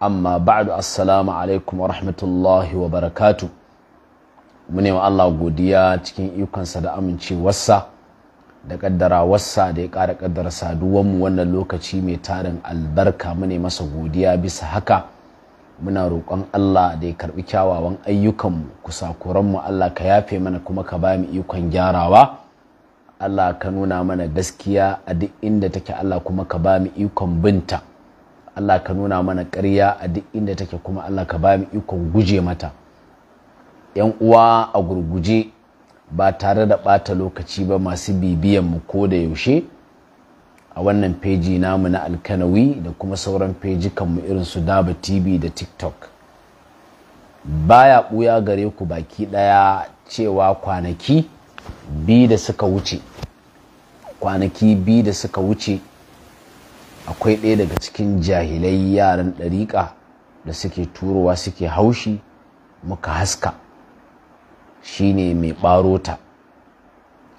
amma ba'du assalamu alaikum wa rahmatullahi wa barakatu mune wa Allah godiya cikin ikonsa da amincewarsa da kaddara wassa da ya ƙara kaddara saduwanmu wannan lokaci mai tarin albarka mune masa godiya bisa haka muna roƙon Allah da ya karɓi kyawawan ayyukanmu kusakuranmu Allah ka yafe mana kuma ka ba mu ikon gyarawa Allah ka nuna mana gaskiya a duk inda take Allah kuma ka ba mu ikon binta Allah ka nuna mana ƙarya a duk inda take kuma Allah ka ba mu ikon guje mata yan uwa a gurguje ba tare da ɓata lokaci ba masu bibiyan mu ko da yaushe a wannan feji namu na alkanawi da kuma sauran feji kanmu irin su daba tv da tiktok baya ɓuya gare ku baki ɗaya cewa kwanaki bi kwanaki bi da suka wuce akwai ɗaya daga cikin jahilai yaran ɗariƙa da suke turowa suke haushi muka haska shine mai ɓarota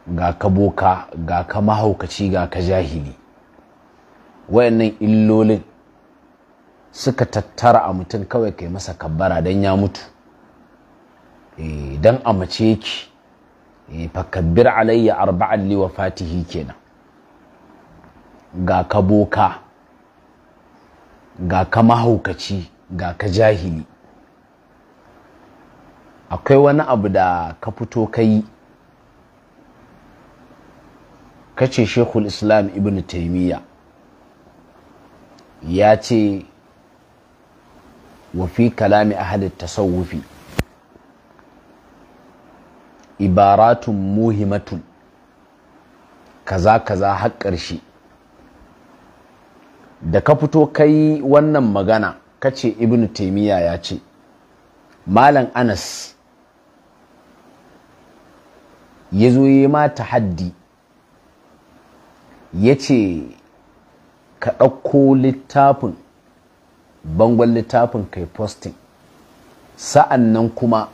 ga ka boka ga ka mahaukaci ga ka jahili wayannan illolin suka tattara a mutum kawai kai masa kabbara don ya mutu eh, don a mace yake eh, fakabbir alayya arba'an liwa fatihi kenan ga ka boka ga ka mahaukaci ga ka jahili akwai wani abu da ka fito ka yi ka ce shekul islam ibn taimiyya ya ce wafi kalami ahalin tasawufi ibaratun muhimmatun kaza kaza haƙƙar shi. da ka fito kai wannan magana ka ce ibn taimiyya ya ce malam anas ya zo yi ma haddi ya ce ka ɗauko littafin bangon littafin kai postin sa'an nan kuma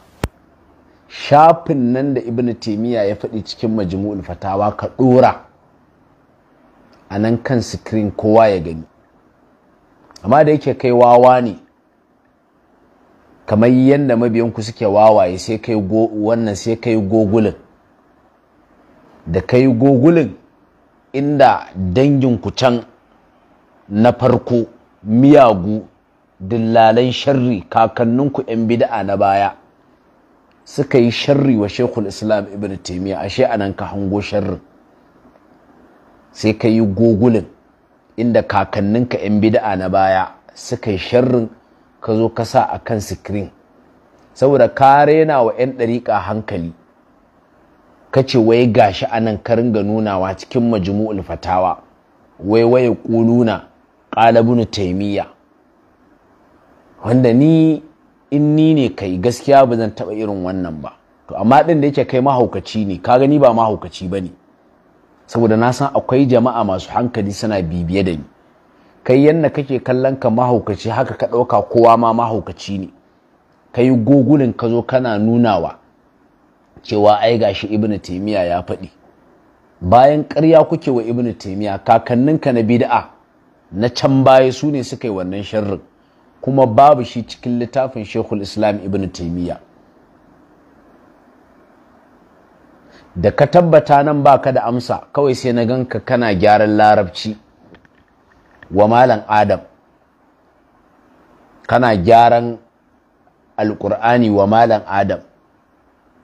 shafin nan da ibn taimiyya ya faɗi cikin majmu'ul fatawa ka ɗora a nan kan sikirin kowa ya gani amma da yake kai wawa ne kamar yadda mabiyanku suke wawaye sai kai wannan sai kai gogulin da kai gogulin inda danginku can na farko miyagu dillalan sharri kakanninku 'yan bida'a na baya suka yi sharri wa shekul islam ibn taimiyya ashe anan ka hango sharrin sai ka yi gogulin inda kakanninka 'yan bida'a na baya suka yi sharrin ka zo ka sa a kan sikirin saboda ka rena wa 'yan ɗariƙa hankali ka ce wai gashi a nan ka ringa nunawa cikin majimu fatawa wai waye ƙuluna ƙalabin taimiyya wanda ni in ni ne kai gaskiya ba zan taɓa irin wannan ba to amma ɗin da yake kai mahaukaci ne ka gani ba mahaukaci ba ne saboda na san akwai jama'a masu hankali suna bibiye da ni kai yanna kake kallon ka mahaukaci haka ka ɗauka kowa ma mahaukaci ne ka yi gogulin ka zo kana nunawa cewa ai gashi ibnu taimiya ya faɗi bayan ƙarya kuke wa ibnu taimiya kakanninka na bid'a na can baya su ne suka yi wannan sharrin kuma babu shi cikin littafin shekul islam ibnu Taimiyya. da ka tabbata nan ba ka da amsa kawai sai na ka kana gyaran larabci wa malam adam kana gyaran alkur'ani wa malam adam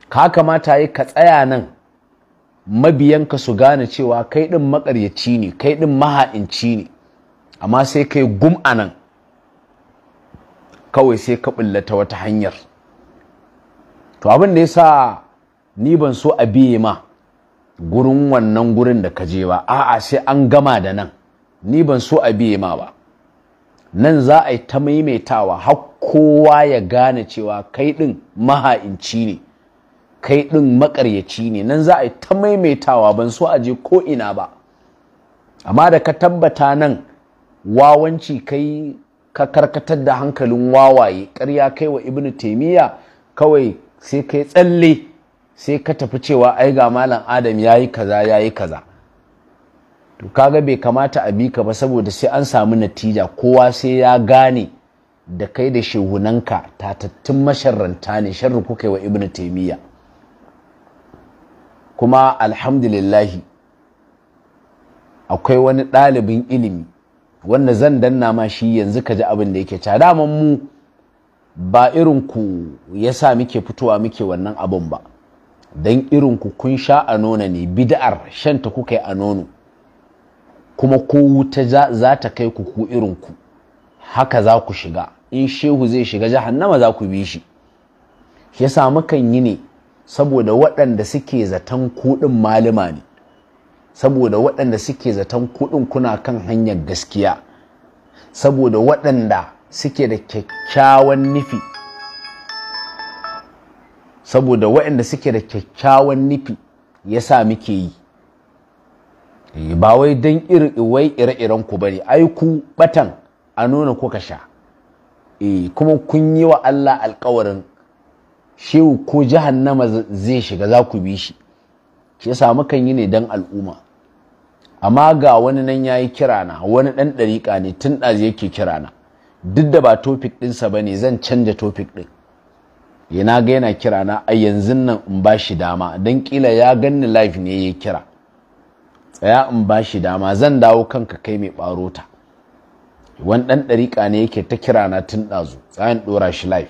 ka kamata yi ka tsaya nan mabiyanka su gane cewa kai ɗin makaryaci ne kai ɗin maha'inci ne amma sai kai gum a nan kawai sai ka ɓullata wata hanyar to abin da ya sa ni ban so a biye ma gurin wannan gurin da ka je ba a'a sai an gama da nan ni ban so a biye ma ba nan za a yi ta maimaitawa har kowa ya gane cewa kai ɗin maha'inci ne kai ɗin makaryaci ne nan za a yi ta maimaitawa ban so a je ko ina ba amma da ka tabbata nan wawanci kai ka karkatar da hankalin wawaye karya kai wa ibnu taimiyya kawai sai kai tsalle sai ka tafi cewa ai ga malam adam ya yi kaza ya yi kaza to kaga bai kamata a bi ka ba saboda sai an samu natija kowa sai ya gane da kai da shehunanka tatattun masharranta ne sharri kuka yi wa ibnu taimiyya kuma alhamdulillahi akwai wani ɗalibin ilimi wanda zan danna ma shi yanzu ka ji abin da yake ca daman mu ba irin ku ya sa muke fitowa muke wannan abin ba don ku kun sha a nona ne bid'ar ta kuka yi a nono kuma ko wuta za ta kai ku ku irin ku. haka za ku shiga in shehu zai shiga jahannama za ku bi shi shi yasa kan yi ne saboda waɗanda suke zaton kuɗin malama ne saboda waɗanda suke zaton kuɗin kuna kan hanyar gaskiya saboda waɗanda suke da kyakkyawan nufi saboda waɗanda suke da kyakkyawan nufi ya sa muke yi eh, ba wai don wai ire-iren ku bane ai ku batan a nuna kuka sha eh, kuma kun yi wa Allah alkawarin shehu ko jahannama zai shiga za ku bi shi shi samu mukan yi ne don al'umma amma ga wani nan ya yayi kirana wani ɗan ɗariƙa ne tun ɗazi yake kirana duk da ba topic ɗinsa ba ne zan canja topic ɗin yana ga yana kira na a yanzu nan in ba shi dama don kila ya ganni live ne ya kira tsaya in ba shi dama zan dawo kanka kai mai ɓarota wani ɗan ɗariƙa ne yake ta kira na tun ɗazu tsayin ɗora shi laif.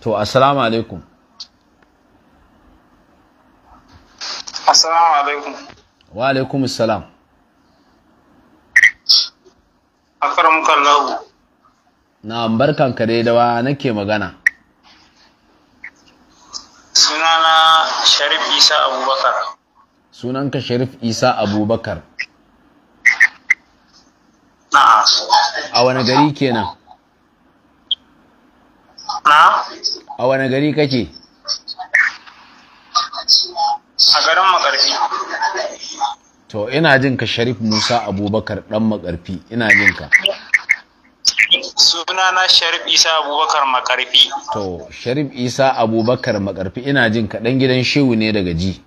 to assalamu alaikum assalamu alaikum wa alaikum assalam akaramuka lahu na barkan ka dai dawa nake magana sunana sharif isa abubakar sunanka sharif isa abubakar na a wani gari kenan na a wani gari kake a garin makarfi to ina jin ka sharif musa abubakar dan makarfi ina jin ka sunana sharif isa abubakar makarfi to sharif isa abubakar makarfi ina jin ka dan gidan shehu ne daga ji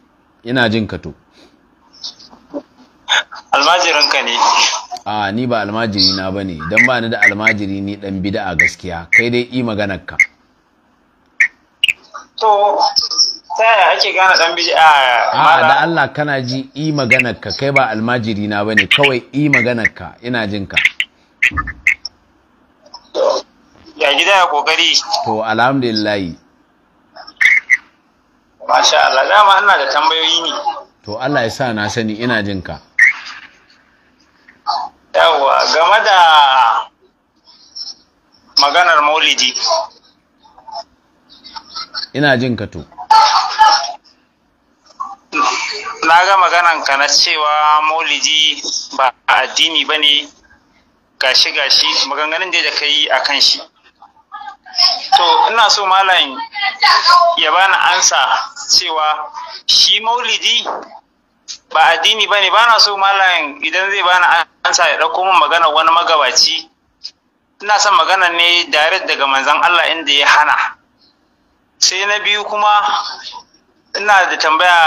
ina jin ka to Almajirin ka ne a ni ba almajiri na bane dan ba ni da almajiri ni dan bid'a gaskiya kai dai i maganar ka to ta yaya ake gane dan bid'a a da Allah kana ji i maganar ka kai ba almajiri na bane kawai i maganar ka ina jin ka ya gida ya kokari to alhamdulillah masha Allah dama ina da tambayoyi ne to Allah ya sa na sani ina jin ka yawa game da maganar maulidi ina jin ka to na ga maganan ka na cewa maulidi ba addini ba ne gashi gashi maganganun da ya kai a kan shi to ina so malayin ya bani ansa cewa shi maulidi ba addini ba ne ba na so malayin idan zai bani ansa ya ɗauko min magana wani magabaci ina son magana ne direct daga manzon Allah inda ya hana sai na biyu kuma ina da tambaya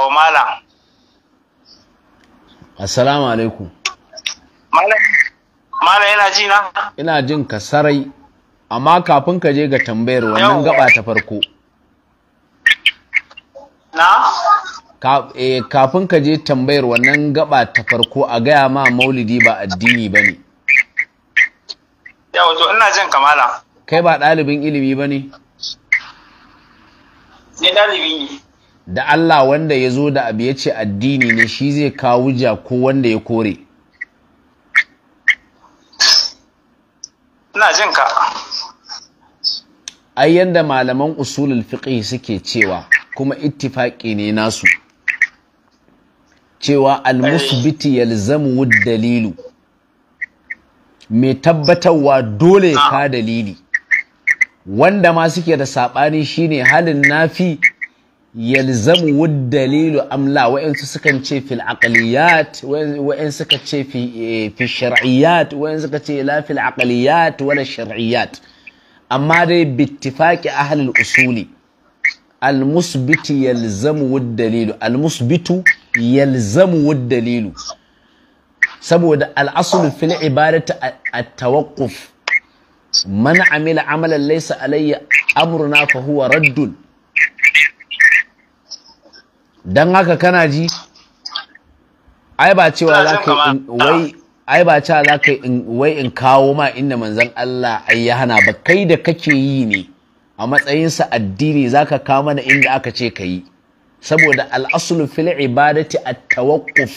wa malam assalamu alaikum malam yana ji na ina jin ka sarai amma kafin ka je ga tambayar wannan gaba ta farko na eh, kafin ka je tambayar wannan gaba ta farko a gaya ma maulidi ba addini ba ne yawo ina jin kamala kai ba ɗalibin ilimi ba ne da Allah wanda ya zo da abu ya ce addini ne shi zai kawo ja ko wanda ya kore ina jin ka ai yanda malaman usulul fiqh suke cewa kuma ittifaqi ne nasu cewa almusbiti eh. yalzamu dalilu mai tabbatarwa dole ah. ka dalili wanda ma suke da saɓani shine halin nafi yalzamu wud dalilu amla wa'ansu sukan ce fil aqliyat wa'ansu suka ce fi eh, shar'iyat wa'ansu suka ce la fil aqliyat wala shar'iyat amma dai bittifaqi ahli al-usuli al-musbit yalzamu wud dalilu yalzamu wud dalilu saboda al fil ibadati at-tawaqquf man amila amalan laysa alayya amruna fa huwa raddun dan haka kana ji ai zaka wai wai in kawo ma inda manzon Allah ai ya ba kai da kake yi ne a matsayinsa addini zaka kawo mana inda aka ce ka yi saboda al'asulu fil ibadati a tawaqquf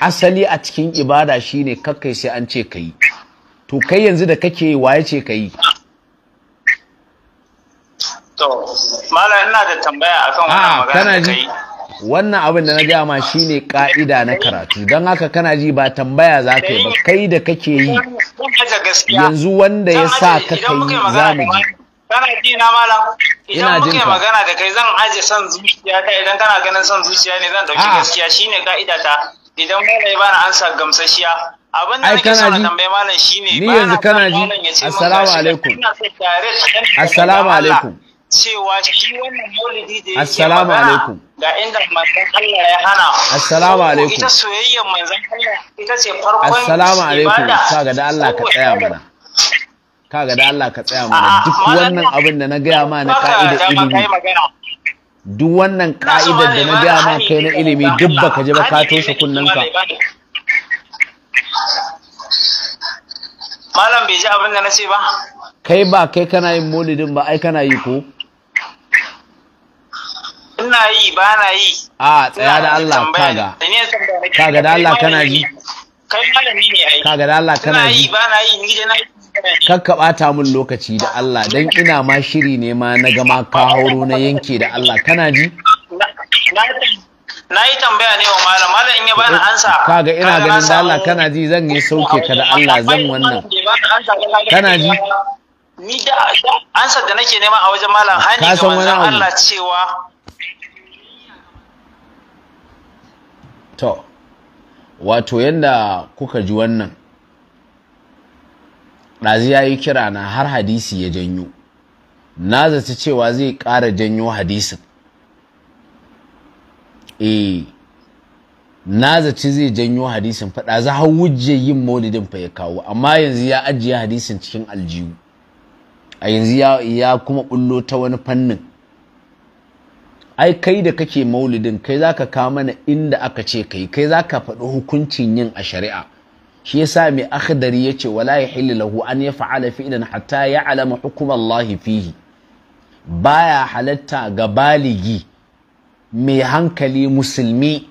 asali a cikin ibada shine kakkai sai an ce ka yi to kai yanzu da kake waye ce ka yi to mala ina da tambaya akan wannan ah, magana kana ji wannan abin da na gaya ma shine ka'ida na karatu don haka kana ji ba tambaya za ka yi ba kai da kake yi yanzu wanda ya sa ka kai za mu ji kana ji na malam idan muke magana da kai zan aje son zuciya ta idan kana ganin son zuciya ne zan dauki ah. gaskiya shine ka'ida ta idan mala ya bani ansa gamsashiya abin da nake ni yanzu kana ji assalamu alaikum assalamu alaikum cewa wannan maulidi da alaikum ga alaikum ita alaikum kaga da Allah ka tsaya mana duk wannan abin da na gaya ma na ka'idar ilimi duk wannan ka'idar da na gaya ma kai na ilimi duk ka ji ba ka toshe kunnanka malam bai ji abin da na ce ba kai ba kai kana yin molidin ba ai kana yi ko ina yi ba na yi a tsaya da Allah kaga kaga da Allah kana yi kai malami ne ai kaga da Allah kana yi ba na yi ni je na kakka bata min lokaci da Allah don ina ma shiri ne ma na gama ka na yanke da Allah kana ji na na yi tambaya ne wa malam malam in ya bani ansa kaga ina ganin da Allah kana ji zan yi sauke ka da Allah zan wannan kana ji ni da ansa da nake nema a wajen malam hani ga manzon Allah cewa to wato yanda kuka ji wannan ɗazi ya yi kira na har hadisi ya janyo na zata cewa zai ƙara janyo hadisin eh na zaci zai janyo hadisin faɗa za a wujje yin maulidin fa ya kawo amma yanzu ya ajiye hadisin cikin aljihu a yanzu ya kuma bullo ta wani fannin ai kai da kake maulidin kai za ka kawo mana inda aka ce kai kai za ka faɗi hukuncin yin a shari'a shi yasa mai akhdari ce wala ya hili lahu an ya fa'ala fi idan hatta ya hukumar Allah fihi baya halatta ga baligi mai hankali musulmi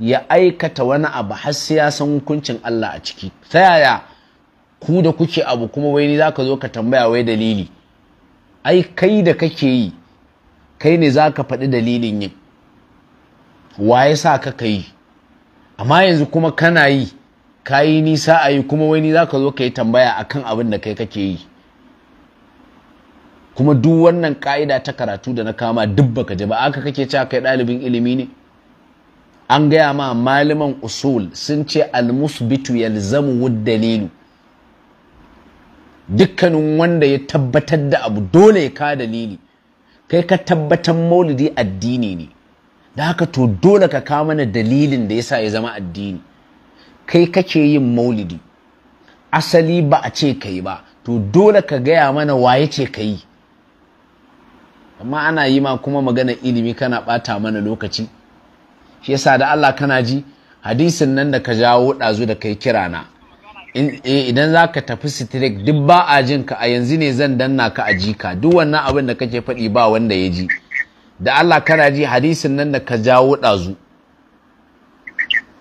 ya aikata wani abu har sai ya san hukuncin Allah a ciki ta yaya ku da kuke abu kuma wai ni zaka zo ka tambaya wai dalili ai kai da kake yi kai ne zaka faɗi dalilin yin waye sa ka yi amma yanzu kuma kana yi kayi nisa a yi kuma wani ni zaka zo ka yi tambaya akan abin da kai kake yi kuma duk wannan ka'ida ta karatu da na kama duk baka ji ba aka kake cewa kai ɗalibin ilimi ne an gaya ma malaman usul sun ce almusbitu yalzamu wud dalilu dukkanin wanda ya tabbatar da abu dole ya ka dalili kai ka tabbatar maulidi addini ne da haka to dole ka kama mana dalilin da yasa ya zama addini kai kake yin maulidi asali ba a ce kai ba to dole ka gaya mana waye ce ka amma ana yi ma kuma magana ilimi kana ɓata mana lokaci shi yasa da Allah kana ji hadisin nan da ka jawo ɗazu da kai kira na eh, idan za ka tafi sitirik duk ba a jin ka a yanzu ne zan danna ka a jika duk wannan abin da kake faɗi ba wanda ya ji da Allah kana ji hadisin nan da ka jawo ɗazu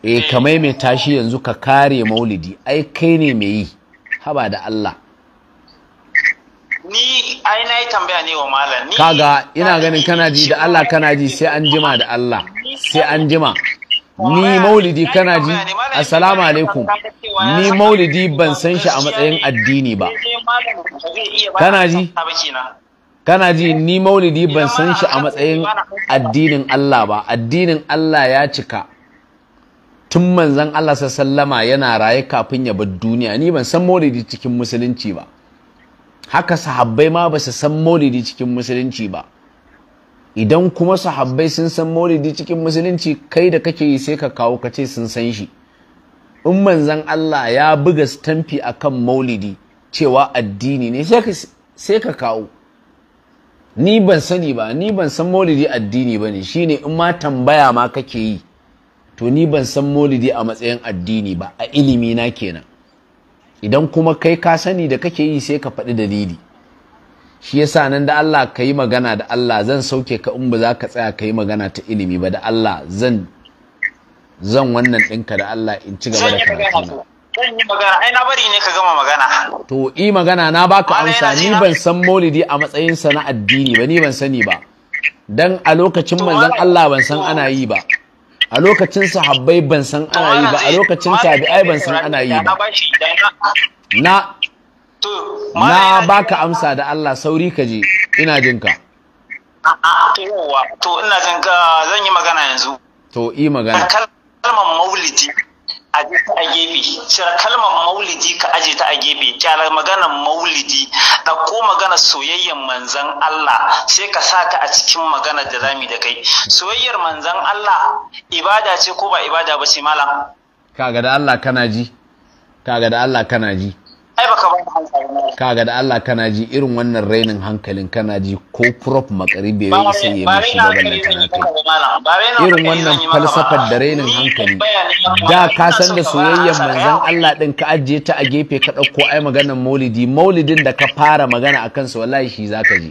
e eh, kamai mai tashi yanzu ka kare maulidi ai kai ne mai yi haba da Allah ni ai na yi tambaya ne wa malam ni kaga ina ganin kana ji da Allah kana ji sai an jima da Allah sai an jima ni maulidi kana ji assalamu alaikum ni maulidi ban san shi a matsayin addini ba kana ji kana ji ni maulidi ban san shi a matsayin addinin Allah ba addinin Allah ya cika tun manzon Allah sallama yana raye kafin ya bar duniya ni ban san maulidi cikin musulunci ba haka sahabbai ma ba su san maulidi cikin musulunci ba idan kuma sahabbai sun san maulidi cikin musulunci kai da kake yi sai ka kawo ka ce sun san shi in manzan Allah ya buga stamfi akan maulidi cewa addini ne sai ka kawo ni ban sani ba ni ban san maulidi addini ba ne shine in ma tambaya ma kake yi to ni ban san maulidi a matsayin addini ba a ilimi na kenan idan kuma kai ka sani da kake yi sai ka faɗi dalili shi yasa nan da Allah ka yi magana da Allah zan sauke ka in ba za ka tsaya ka yi magana ta ilimi ba da Allah zan wannan ɗinka da Allah in ci gaba da karatu zan yi magana na bari ka magana na baka amsa ni ban san maulidi a matsayin sa na addini ba ni ban sani ba dan a lokacin manzon Allah ban san ana yi ba a lokacin sahabbai ban san ana yi ba a lokacin tabi'ai ban san ana yi ba na na baka amsa da Allah sauri ka je ina jin ka to ina jin ka zan yi magana yanzu to yi magana kalmar maulidi aje ta a gefe cire kalmar maulidi ka aje ta a gefe kyara maganar maulidi ko maganar soyayyar manzan Allah sai ka sa ta a cikin magana da zamu da kai soyayyar manzan Allah ibada ce ko ba ibada ba ce malam kaga da Allah kana ji kaga da Allah kana ji ai baka kaga da Allah kana ji irin wannan rainin hankalin kana ji ko Prof. makari bai yi sai ya mishi da wannan irin wannan falsafar da rainin hankali da ka san da soyayyar manzon Allah din ka ajiye ta a gefe ka dauko ai maganar maulidi maulidin da ka fara magana akan sa wallahi shi zaka ji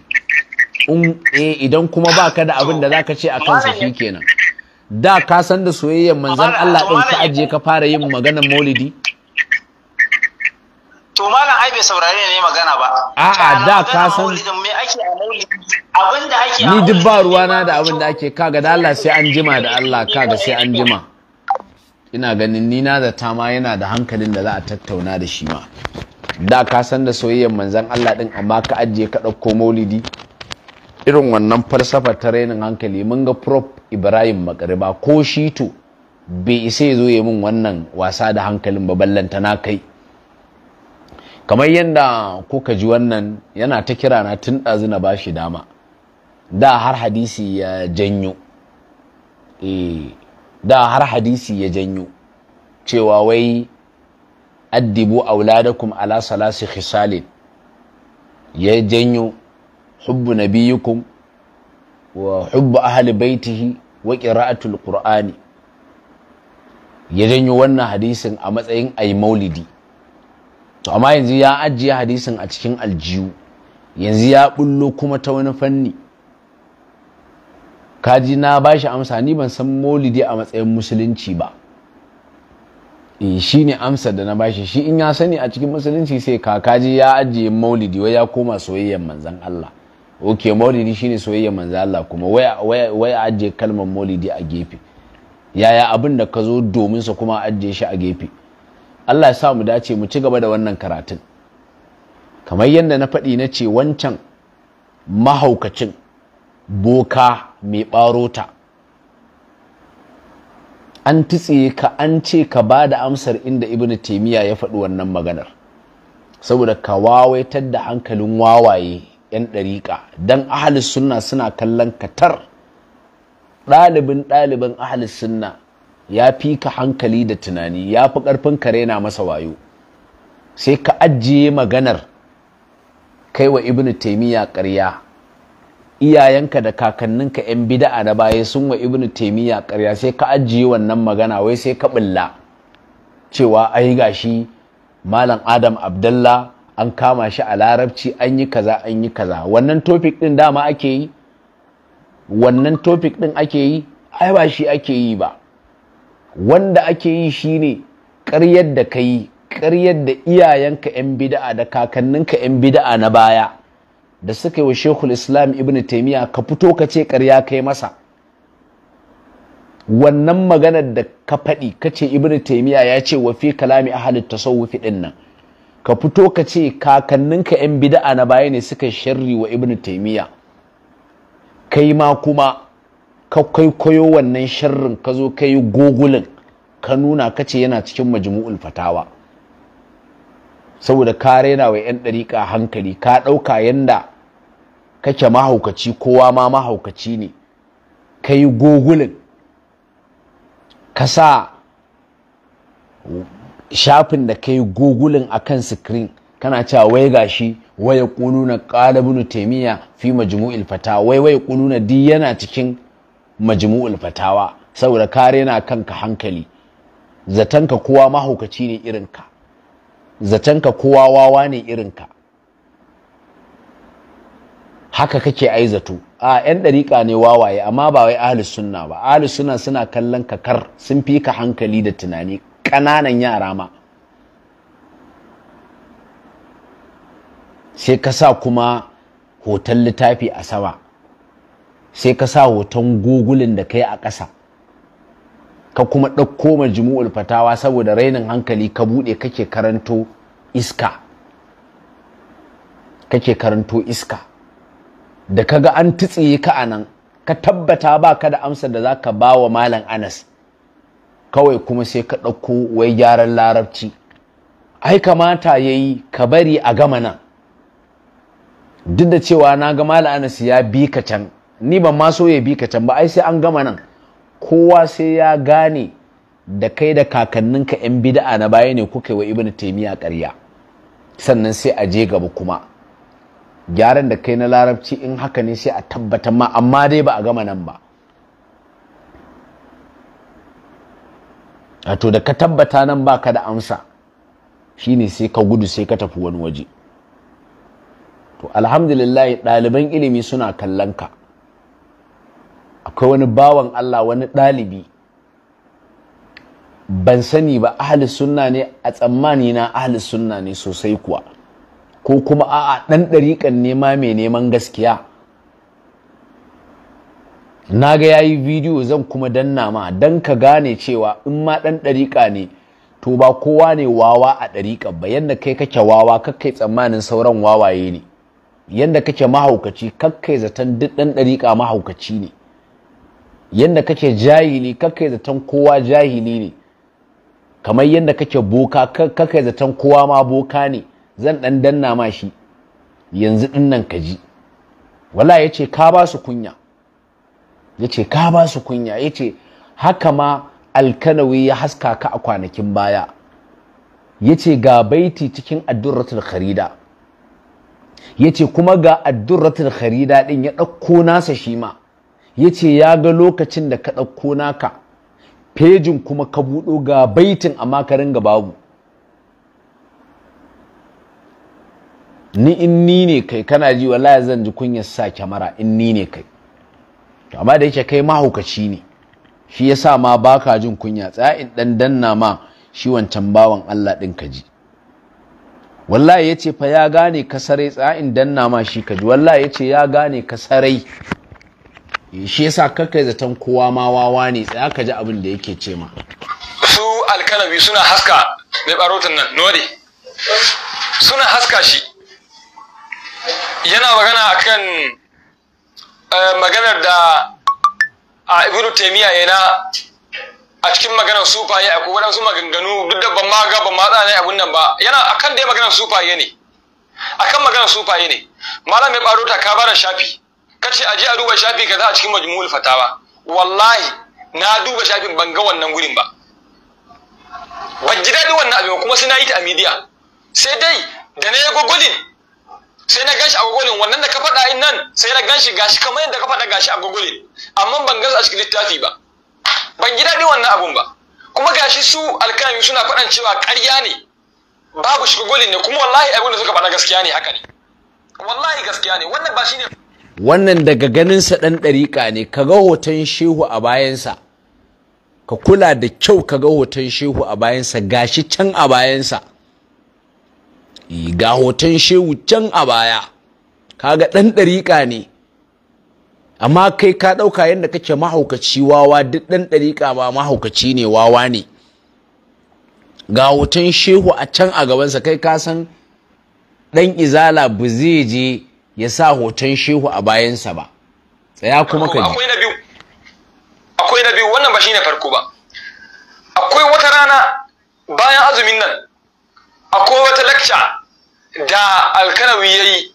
eh, idan kuma baka da abin da zaka ce akan shi kenan. da ka san da soyayyar manzon Allah din ka ajiye ka fara yin maganar maulidi to malam ai bai saurare ne magana ba a'a da ka san me ake a abinda ake ni duk ba ruwana da abinda ake kaga da Allah sai an jima da Allah kaga sai an jima ina ganin ni na da tama yana da hankalin da za a tattauna da shi ma da ka san da soyayyar manzon Allah din amma ka ajiye ka ɗauko maulidi irin wannan falsafa ta rainin hankali mun ga prof Ibrahim Makariba ko shito bai isa ya zo ya min wannan wasa da hankalin ba ballanta na kai kamar yadda kuka ji wannan yana ta kira na tun ɗazu na bashi dama da har hadisi ya janyo eh, da har hadisi ya janyo cewa wai addibu auladakum ala salasi khisalin ya janyo hubbu nabiyukum wa hubbu ahli baitihi wa qira'atul qur'ani ya janyo wannan hadisin a matsayin ay maulidi to amma yanzu ya ajiye hadisin a cikin aljihu yanzu ya bullo kuma ta wani fanni kaji na ba shi amsa ni ban san maulidi a matsayin musulunci ba eh, shi ne amsa da na ba shi shi in ya sani a cikin musulunci sai kakaji ya ajiye maulidi wai ya koma soyayyar manzan Allah ok maulidi shine soyayyar manzan Allah kuma wai a ajiye kalmar maulidi a gefe yaya abin da ka zo domin sa kuma ajiye shi a gefe Allah ya sa mu dace mu ci gaba da wannan karatun kamar yadda na faɗi na ce wancan mahaukacin boka mai ɓarota an tutsiye ka an ce ka ba da amsar inda ibn taimiyya ya faɗi wannan maganar saboda ka wawaitar da hankalin wawaye 'yan ɗariƙa don ahalis sunna suna kallon katar ɗalibin ɗaliban ahalis sunna ya fi ka hankali da tunani ya fi ƙarfin karena na masa wayo sai ka ajiye maganar kai wa ibnu taimiyya ƙarya iyayenka da kakanninka 'yan bida'a na baya sun wa ibnu taimiyya ƙarya sai ka ajiye wannan magana wai sai ka ɓulla cewa ai gashi malam adam abdullah an kama shi a larabci an yi kaza an yi kaza wannan topic din dama ake yi wannan topic din ake yi ai ba shi ake yi ba wanda ake yi shine ƙaryar da ka yi ƙaryar da iyayenka 'yan bida'a da kakanninka 'yan bida'a na baya da suka yi wa shekul islam ibn taimiyya ka fito ka ce ƙarya kai masa wannan maganar da ka faɗi ka ce ibn taimiyya ya ce wa fi kalami ahalit tasawufi ɗin nan ka fito ka ce kakanninka 'yan bida'a na baya ne suka sharri wa ibn taimiyya kai ma kuma ka kwaikwayo wannan sharrin ka zo ka yi gogulin ka nuna ka ce yana cikin majmu'ul fatawa saboda ka raina wa 'yan ɗariƙa hankali ka ɗauka yanda kake mahaukaci kowa ma mahaukaci ne ka yi gogulin ka sa shafin da ka yi gogulin a kan sikirin kana cewa wai gashi wai ya ƙununa ƙalibin taimiyya fi majmu'il fatawa wai wai ƙununa duk yana cikin majmu'ul fatawa saboda ka rena kanka hankali zatanka kowa mahaukaci ne irinka zatanka kowa wawa ne irinka haka kake ai zato a yan dariƙa ne wawaye amma ba wai ahli sunna ba ahli sunna suna kallon ka kar sun fi ka hankali da tunani ƙananan yara ma sai ka sa kuma hoton littafi a sama sai ka sa hoton gogulin da kai a ƙasa ka kuma ɗauko majmu'ul fatawa saboda rainin hankali ka buɗe kake karanto iska kake karanto iska da kaga an tutsiye ka anan ka tabbata ba ka da amsar da za ka ba wa malam anas kawai kuma sai ka ɗauko wai gyaran larabci ai kamata ya yi ka bari a gama nan duk da cewa na ga malam anas ya bi ka can ni ban ma so ya bi ka can ba ai sai an gama nan kowa sai ya gane da kai da kakanninka yan bida'a na baya ne kuka yi wa ibnu taymiya karya. sannan sai a je gaba kuma gyaran da kai na larabci in haka ne sai a tabbatar ma amma dai ba a gama nan ba to da ka tabbata nan ba ka da amsa shine sai ka gudu sai ka tafi wani waje to alhamdulillah ɗaliban ilimi suna kallon ka akwai wani bawan Allah wani ɗalibi ban sani ba ahli sunna ne a tsammani na ahli sunna ne sosai kuwa ko kuma a'a ɗan ɗariƙan nema mai neman gaskiya na ga yayi bidiyo zan kuma danna ma don ka gane cewa in ma ɗan ɗariƙa ne to ba kowa ne wawa a ɗariƙa ba yadda kai kake wawa kakkai tsammanin sauran wawaye ne yadda kake mahaukaci kakkai zaton duk ɗan ɗariƙa mahaukaci ne yadda kake jahili kake zaton kowa jahili ne kamar yadda kake boka kake zaton kowa ma boka ne zan dan danna ma shi yanzu dinnan ka ji wala ya ce ka ba su kunya ya ce ka ba su kunya ya ce haka ma alkanawi ya haska ka a kwanakin baya ya ce ga baiti cikin addurratul kharida ya ce kuma ga addurratul kharida din ya ɗauko nasa shi ma ya ce ya ga lokacin da ka ɗauko naka fejin kuma ka buɗo ga baitin a makarin ga babu ni in ni ne kai kana ji wallahi zan ji kun sa kyamara in ni ne kai to amma da yake kai mahaukaci ne shi ya sa ma baka jin kunya tsaya in dan danna ma shi wancan bawan Allah din ka ji wallahi yace fa ya gane kasarai tsaya in danna ma shi ka ji wallahi yace ya gane kasarai shi yasa kakai zaton kowa ma wawa ne sai ka ji abin da yake ce ma su alkalabi suna haska ne barotan nan nore suna haska shi yana magana akan eh, maganar da a ibnu taymiya yana a cikin maganar sufaye akwai waɗansu maganganu duk da ban ma ga ban ma tsane abun nan ba yana akan dai maganar sufaye ne akan maganar sufaye ne malam mai baro ka bara shafi kace a je a duba shafi kaza a cikin majmu'ul fatawa wallahi na duba shafin ban ga wannan gurin ba wajjidadi wannan abin kuma sai na yi ta a midiya sai dai da na yi gogolin sai na ganshi a gogolin wannan da ka faɗa in nan sai na ganshi gashi kamar yadda ka faɗa gashi a gogolin amma ban gansu a cikin littafi ba ban ji daɗi wannan abun ba kuma gashi su alkami suna faɗan cewa ƙarya ne babu shi gogolin ne kuma wallahi abin da suka faɗa gaskiya ne haka ne wallahi gaskiya ne wannan ba shi ne wannan daga ganinsa ɗan ɗariƙa ne ka ga hoton shehu a bayansa ka kula da kyau ka ga hoton shehu a bayansa Ga shi can a bayansa ga hoton shehu can a baya ka ga ɗan ɗariƙa ne amma kai ka ɗauka yadda kake mahaukaci wawa duk ɗan ɗariƙa ba mahaukaci ne wawa ne ga hoton shehu a can a gabansa kai ka san ɗan izala ba zai je ya sa hoton shehu a bayansa ba tsaya kuma ka akwai na biyu akwai na biyu wannan ba shine farko ba akwai wata rana bayan azumin nan akwai wata lecture da alkanawi yayi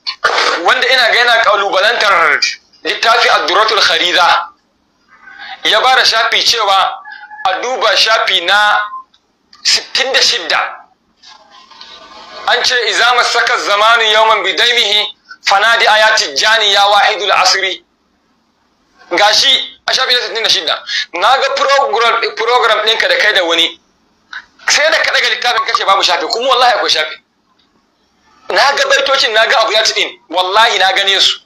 wanda ina ga yana kalubalantar littafi ad-duratul khariza ya ba da shafi cewa a duba shafi na 66 an ce izama saka zamanin yawman bidaimihi fanadi aya tijjani ya wahidul asiri gashi a shafi da shida. na ga program ɗinka da kai da wani sai da ka ga littafin kace babu shafi kuma wallahi akwai shafi na ga baitocin na ga abu ya tudin wallahi na gane su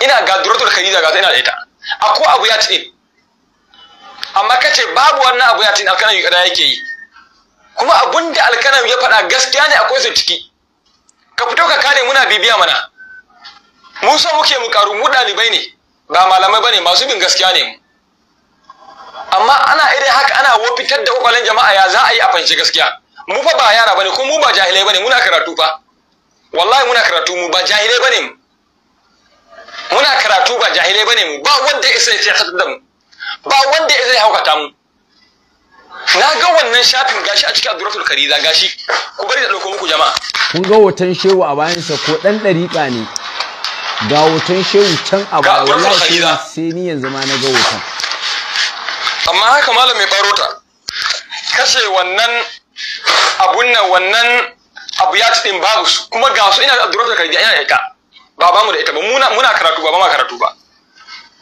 ina ga duratul khadija ga ina da ita akwai abu ya tudin amma kace babu wannan abu ya tudin alkanan yake yi kuma abunda alkanan ya faɗa gaskiya ne akwai su ciki ka fito ka kare muna bibiya mana mu so muke mu karu mu dalibai ne ba malamai bane masu bin gaskiya ne mu amma ana irin haka ana wofitar da kwakwalen jama'a ya za a yi a fanshi gaskiya mu fa ba yara bane ko mu ba jahilai bane muna karatu fa wallahi muna karatu mu ba jahilai bane muna karatu ba jahilai bane mu ba wanda isa ya ce da mu ba wanda isa ya haukata mu na ga wannan shafin gashi a cikin abdurrahman kariza gashi ku bari da ɗauko muku jama'a kun ga hoton shehu a bayansa ko ɗan ɗariƙa ne ga hoton shehu can a bayan wallahi sai ni yanzu ma na ga hoton amma haka malam mai barota kashe wannan abun nan wannan abu ya ci ɗin babu su kuma ga su ina da abdurrahman kariza ina da ita ba ba mu da ita ba muna karatu ba ba ma karatu ba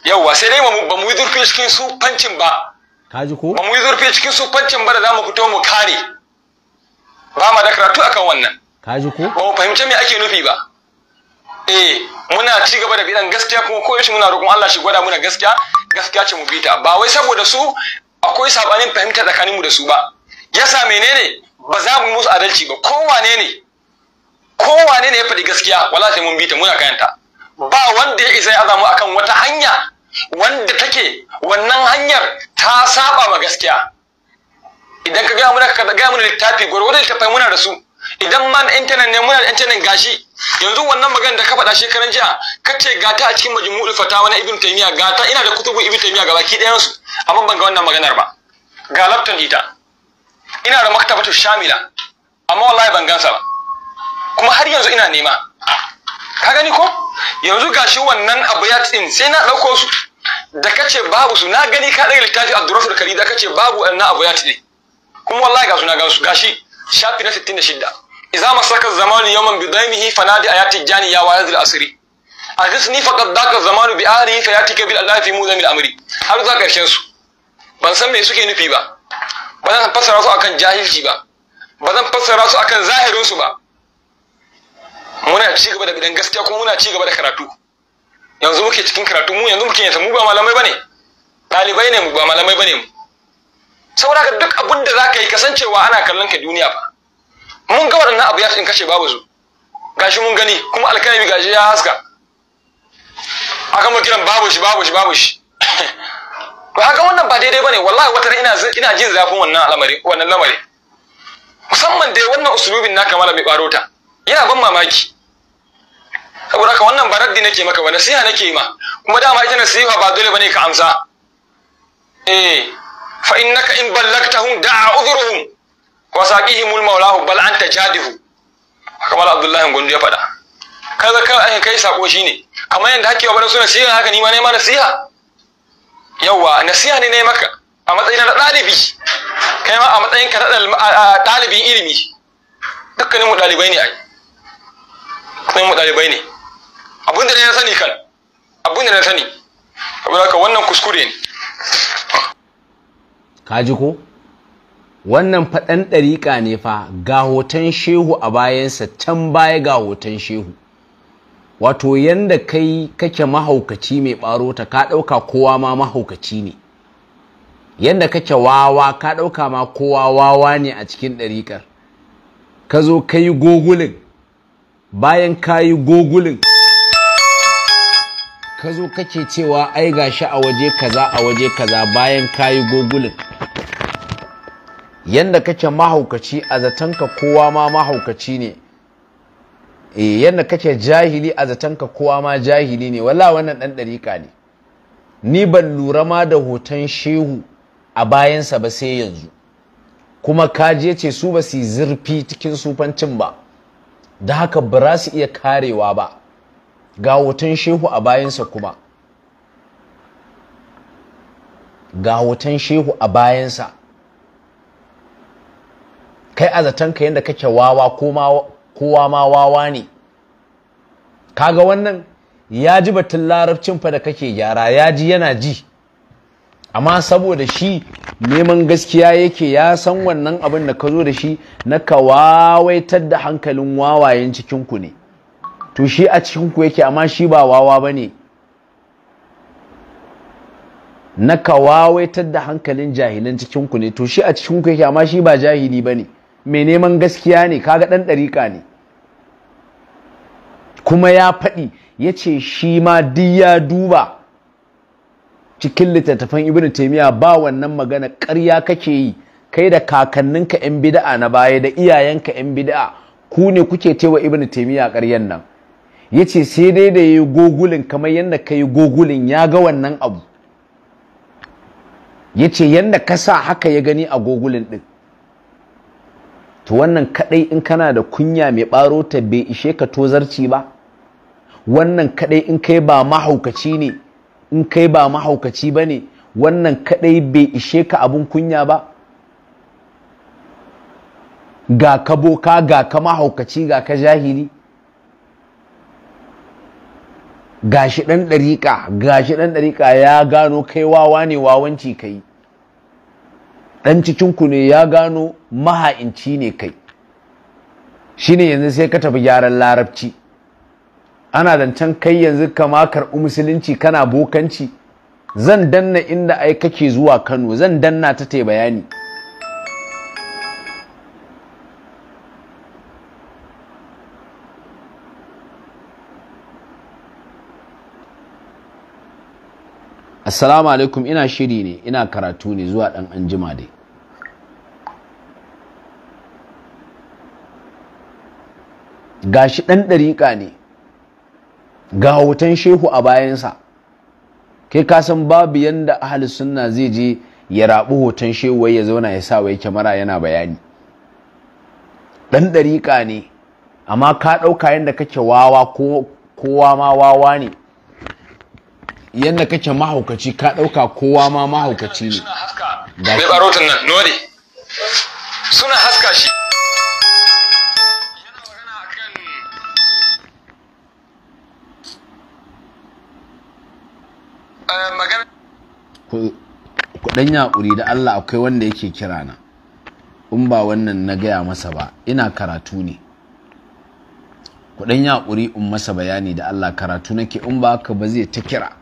yauwa sai dai ba mu yi zurfin cikin su fancin ba kaji ko mu yi zurfi cikin sufancin ba da zamu fito mu kare ba ma da karatu akan wannan kaji ko ba mu fahimci me ake nufi ba eh muna ci gaba da bidan gaskiya kuma yaushe muna roƙon Allah shi gwada muna gaskiya gaskiya ce mu bita ba wai saboda su akwai sabanin fahimta tsakanin mu da su ba yasa menene ba za mu musu adalci ba Ko wane ne Ko wane ne ya faɗi gaskiya wala sai mun bita muna kayanta ba wanda ya isa ya azamu akan wata hanya wanda take wannan hanyar ta saba ma gaskiya idan ka gaya mana ka gaya muna littafi gwargwadon littafai muna da su idan ma na intanet ne muna da intanet gashi yanzu wannan magana da ka faɗa shekaran jiya ka ce gata a cikin majmu'ul fatawa na ibn taymiya gata ina da kutubu ibn taymiya gabaki ɗayan su amma ban ga wannan maganar ba ga laptop ita ina da maktabatu shamila amma wallahi ban gansa ba kuma har yanzu ina nema ka gani ko yanzu gashi wannan abu ya tsin sai na ɗauko su da kace babu su na gani ka ɗaga littafi a kari da kace babu wannan abu ya tsin kuma wallahi ga su na gan su gashi shafi na 66 idza masaka zamanu yawman bidaimihi fanadi ayati jani ya wayazil asri agisni faqad daka zamanu bi ari fayatika bil allahi fi al amri har za karshen su ban san me suke nufi ba ba zan fassara su akan jahilci ba ba zan fassara su akan zahirin su ba muna ci gaba da bidan gaskiya kuma muna ci gaba da karatu yanzu muke cikin karatu mu yanzu muke yanta mu ba malamai bane ɗalibai ne mu ba malamai bane mu saboda ka duk abin da zaka yi kasancewa ana kallon ka duniya ba mun ga waɗannan abu ya in kashe babu zu gashi mun gani kuma alkalami gashi ya haska aka mu kiran babu shi babu shi babu shi to haka wannan ba daidai bane wallahi wata ina ina jin zafin wannan al'amari wannan lamari musamman dai wannan usulubin naka malam mai barota yana ban mamaki saboda haka wannan ba raddi nake maka ba nasiha nake ma kuma dama ita nasiha ba dole bane ka amsa eh fa innaka in ballagtahum da'a udhruhum wa saqihimul maulahu bal anta jadihu kamar abdullahi gundu ya faɗa kaza ka an eh, kai sako ne kamar yanda hakewa bar su nasiha haka ni ma ne ma nasiha yawa nasiha ne ne maka a matsayin na dalibi kai ma a matsayin ka ɗalibin ilimi dukkanin mu dalibai ne ai kuma mu dalibai ne abinda na sani kan abinda na sani wannan kuskure ne kaji ko wannan faɗan ɗariƙa ne fa ga hoton shehu a bayansa can baya ga hoton shehu wato yanda kai kake mahaukaci mai ɓarota ka ɗauka kowa ma mahaukaci ne yanda kake wawa ka ɗauka ma kowa wawa ne a cikin ɗariƙar ka zo ka yi gogulin bayan ka yi gogulin ka zo kake cewa ai gashi a waje kaza a waje kaza bayan kayi gogulin yanda kake mahaukaci a zatanka kowa ma mahaukaci ne eh yanda kake jahili a zatanka kowa ma jahili ne wala wannan dan dariƙa ne ni ban lura ma da hoton shehu a bayansa ba sai yanzu kuma kaji ce su ba su zurfi cikin sufancin ba da haka ba za su iya karewa ba ga hoton shehu a bayansa kuma ga hoton shehu a bayansa kai a zatonka yadda kake wawa kowa ma wawa ne kaga wannan ya ji batun larabcin fa da kake gyara ya ji yana ji amma saboda shi neman gaskiya yake ya san wannan abin da ka zo da shi na ka wawaitar da hankalin wawayen cikinku ne to shi a cikin ku yake amma shi ba wawa bane na ka da hankalin jahilan cikinku ne to shi a cikinku ku yake amma shi ba jahili bane mai neman gaskiya ne kaga ɗan ɗariƙa ne kuma ya faɗi ya ce shi ma duk ya duba cikin littattafan ibnu taimiyya ba wannan magana ƙarya kake yi kai da kakanninka 'yan bida'a na baya da iyayenka 'yan bida'a ku ne kuke cewa ibnu taimiyya ƙaryan nan yace sai dai da ya yi gogulin kamar yadda ka yi gogulin ya ga wannan abu yace ce yadda ka sa haka ya gani a gogulin din to wannan kadai in kana da kunya mai baro ta bai ishe ka tozarci ba wannan kadai in kai ba mahaukaci ne in kai ba mahaukaci ba ne wannan kadai bai ishe ka abin kunya ba ga ka boka ga ka mahaukaci ga ka jahili gashi ɗan ɗariƙa gashi ɗan ɗariƙa ya gano kai wawa ne wawanci kai ɗan cikinku ne ya gano maha'inci ne kai shine yanzu sai ka tafi gyaran larabci ana zancen kai yanzu kama karɓi musulunci kana bokanci zan danna inda ai kake zuwa kano zan danna ta te bayani assalamu alaikum ina shiri ne ina karatu ne zuwa ɗan anjima dai shi ɗan ɗariƙa ne ga hoton shehu a bayansa kai ka san babu yanda ahli sunna zai je ya rabu hoton shehu wai ya zauna ya sa wai kyamara yana bayani ɗan ɗariƙa ne amma ka ɗauka yanda kake wawa kowa ma wawa ne yadda kake mahaukaci ka ɗauka kowa ma mahaukaci ne mai barotin nan nori suna haska shi eh, kudan yaƙuri da Allah akwai wanda yake kira na in ba wannan na gaya masa ba ina karatu ne kudan yaƙuri in masa bayani da Allah karatu nake in ba haka ba zai ta kira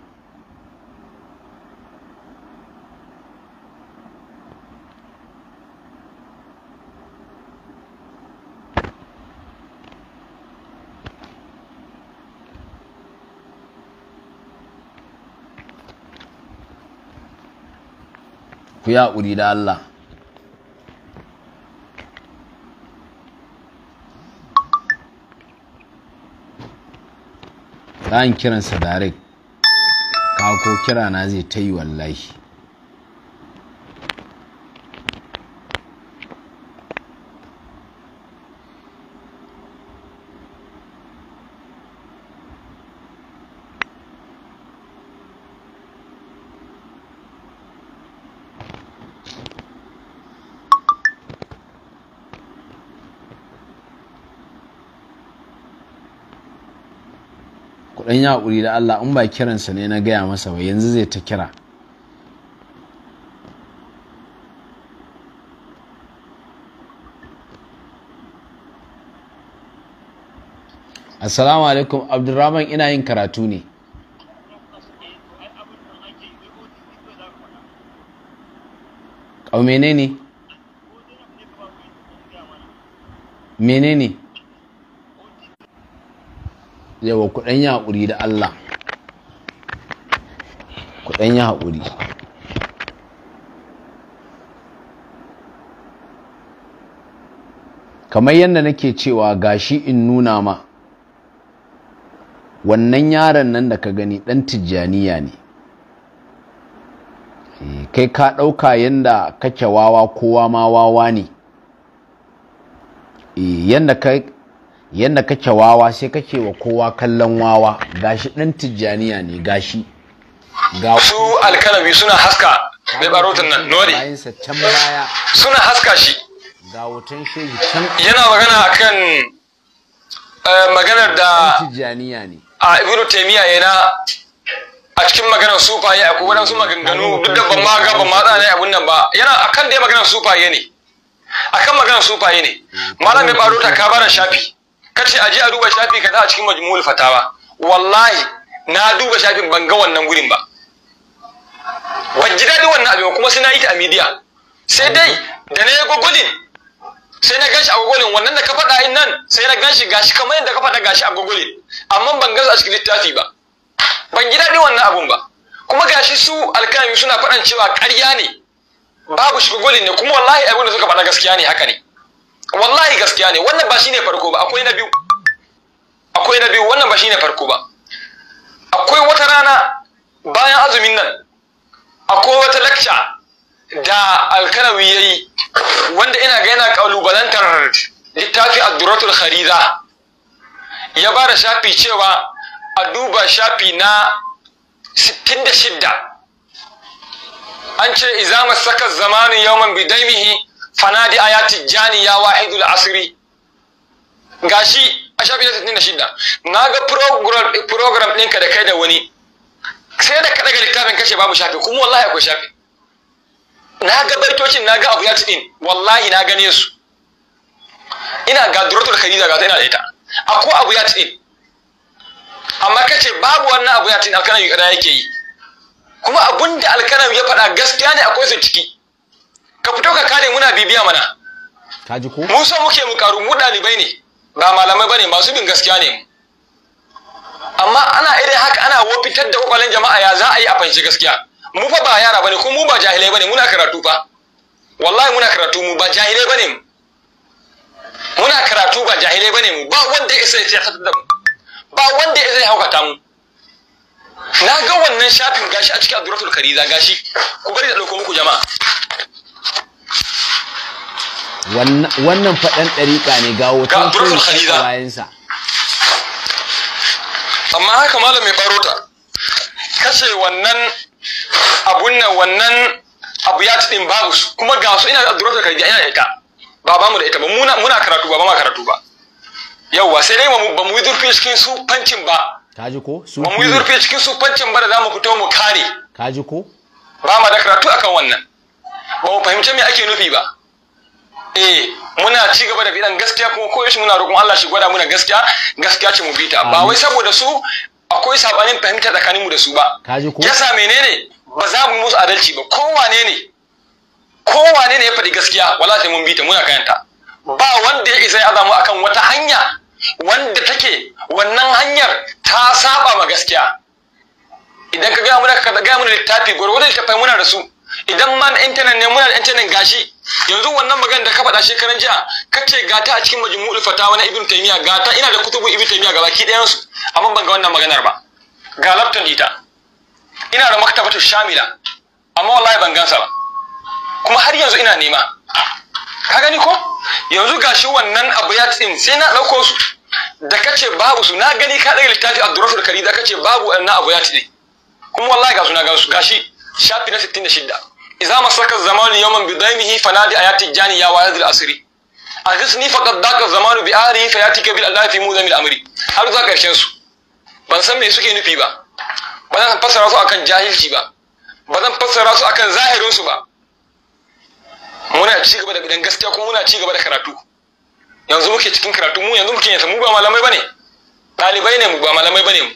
ku yi haƙuri da Allah Ɗan kiransa direct kako kira na zai ta yi wallahi dan ya hakuri da Allah in ba kiransa ne na gaya masa ba yanzu zai ta kira assalamu alaikum abdurrahman ina yin karatu ne kau menene menene yawa kudan ya haƙuri da Allah kudan ya haƙuri kamar yadda nake cewa gashi in nuna ma wannan yaron nan da ka gani ɗan tijjaniya ne eh, kai ka ɗauka yadda kake wawa kowa ma wawa ne eh, yadda ka. yadda kake wawa sai kake wa kowa kallon wawa gashi ɗin tijjaniya ne gashi su alkalami suna haska bai barotin nan nori suna haska shi yana magana a kan eh, maganar da a ibnu taymiya yana a cikin maganar sufaye a kuma waɗansu maganganu duk da ban ma ga ban ma tsana abun nan ba yana akan dai maganar sufaye ne akan maganar sufaye ne eh, malam bai barota ka bara shafi kace aje a duba shafi kaza a cikin majmu'ul fatawa wallahi na duba shafin ban ga wannan gurin ba ban ji daɗin wannan abin kuma sai na yi ta a media sai dai da na yi gogolin sai na ganshi a gogolin wannan da ka faɗa in nan sai na ganshi gashi kamar yadda ka faɗa gashi a gogolin amma ban gansu a cikin littafi ba ban ji daɗin wannan abun ba kuma gashi su alƙalami suna faɗan cewa ƙarya ne babu shi gogolin ne kuma wallahi abin da suka faɗa gaskiya ne haka ne wallahi gaskiya ne wannan ba shine farko ba akwai na biyu akwai na biyu wannan ba shine farko ba akwai wata rana bayan azumin nan akwai wata lakca da alkanawi yayi wanda ina ga yana kalubalantar littafi ad-duratul khariza ya ba da shafi cewa a duba shafi na 66 an ce izama saka zamanin yawman bidaimihi fanadi ayati jani ya wahidul asiri gashi a shafi na shida na ga program ɗinka da kai da wani sai da kaɗa ga littafin kashe babu shafi kuma wallahi akwai shafi na ga baitocin na ga abu ya tuɗin wallahi na gane su ina ga duratul khadija ga ina da ita akwai abu ya tuɗin amma kace babu wannan abu ya tuɗin alkanan yake yi kuma abun da alkanan ya faɗa gaskiya ne akwai su ciki ka fito ka kare muna bibiya mana ka ji ko mu so muke mu karu mu dalibai ne ba malamai bane masu bin gaskiya ne amma ana irin haka ana wofitar da kwakwalen jama'a ya za a yi a fanshi gaskiya mu fa ba yara bane ko mu ba jahilai bane muna karatu fa wallahi muna karatu mu ba jahilai bane muna karatu ba jahilai bane mu ba wanda ya sai ya da mu ba wanda ya sai haukata mu na ga wannan shafin gashi a cikin abdurrahman kariza gashi ku bari da dauko muku jama'a wannan faɗan ɗariƙa ne ga hoton shehu a bayansa amma haka malam mai barota kashe wannan abun nan wannan abu ya ci din babu su kuma ga su ina da durata karbiya ina da ita ba ba mu da ita ba muna muna karatu ba ba ma karatu ba yawwa sai dai ba mu yi zurfi cikin su fancin ba kaji ko su ba mu yi zurfi cikin su fancin ba da zamu fito mu kare kaji ko ba ma da karatu akan wannan ba mu fahimci me ake nufi ba eh muna ci gaba da bidan gaskiya kuma ko yaushe muna roƙon Allah shi gwada muna gaskiya gaskiya ce mu bita ba wai saboda su akwai sabanin fahimta mu da su ba yasa menene ba za mu musu adalci ba kowane ne kowane ne ya faɗi gaskiya wala sai mun bita muna kayanta ba wanda ya isa ya azamu akan wata hanya wanda take wannan hanyar ta saba ma gaskiya idan ka gaya muna ka gaya muna littafi gwargwadon littafai muna da su idan man intanet ne muna da intanet gashi yanzu wannan magana da ka faɗa shekaran jiya ka ce gata a cikin majmu'ul fatawa na ibn taymiya gata ina da kutubu ibn taymiya gabaki ɗayan su amma ban ga wannan maganar ba ga laptop ita ina da maktabatu shamila amma wallahi ban gansa ba kuma har yanzu ina nema ka gani ko yanzu gashi wannan abu ya tsin sai na ɗauko su da ce babu su na gani ka ɗaga littafi a durafin kari da ce babu wannan abu ya tsin kuma wallahi ga su na gansu gashi shafi na 66 إذا ما سكت زمان bidaimihi fanadi فنادي آيات الجاني يا al الأسري أغسني faqad ذاك الزمان bi ahlihi fayatika bil allahi fi mudami al-amri har zuwa karshen su ban san me suke nufi ba ba zan fassara su akan jahilci muna ci gaba da bidan gaskiya kuma muna ci gaba da karatu yanzu muke cikin karatu mu yanzu muke yanta mu ba malamai bane ne mu ba malamai bane mu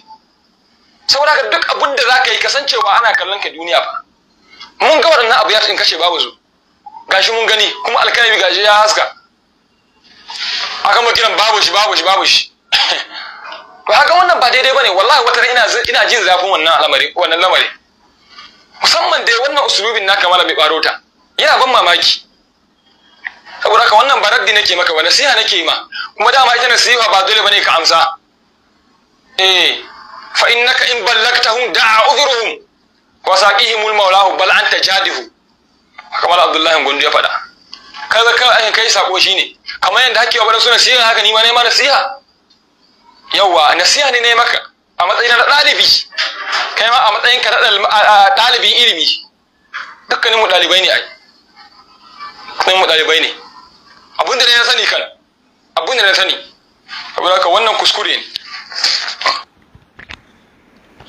saboda duk abun da zaka yi kasancewa ana kallon ka duniya ba mun ga waɗannan abu ya in kashe babu su gashi mun gani kuma alkalami gashi ya haska aka mu kiran babu shi babu shi babu shi to haka wannan ba daidai bane wallahi wata ina ina jin zafin wannan lamari. wannan lamari musamman dai wannan usulubin mai malami barota yana ban mamaki saboda haka wannan ba raddi nake maka ba nasiha nake ma kuma dama ita nasiha ba dole bane ka amsa eh fa innaka in ballagtahum da'a udhruhum wasaqihimul maulahu bal anta jadihu kamar abdullahi gundu ya faɗa kaga ka an kai sako shine kamar yanda hakewa bada suna siya haka ni ma ne ma nasiha yawa nasiha ne ne maka a matsayin na ɗalibi kai ma a matsayin ka na ɗalibin ilimi dukkanin mu ɗalibai ne ai dukkanin mu ɗalibai ne abinda ne na sani kan abinda na sani saboda ka wannan kuskure ne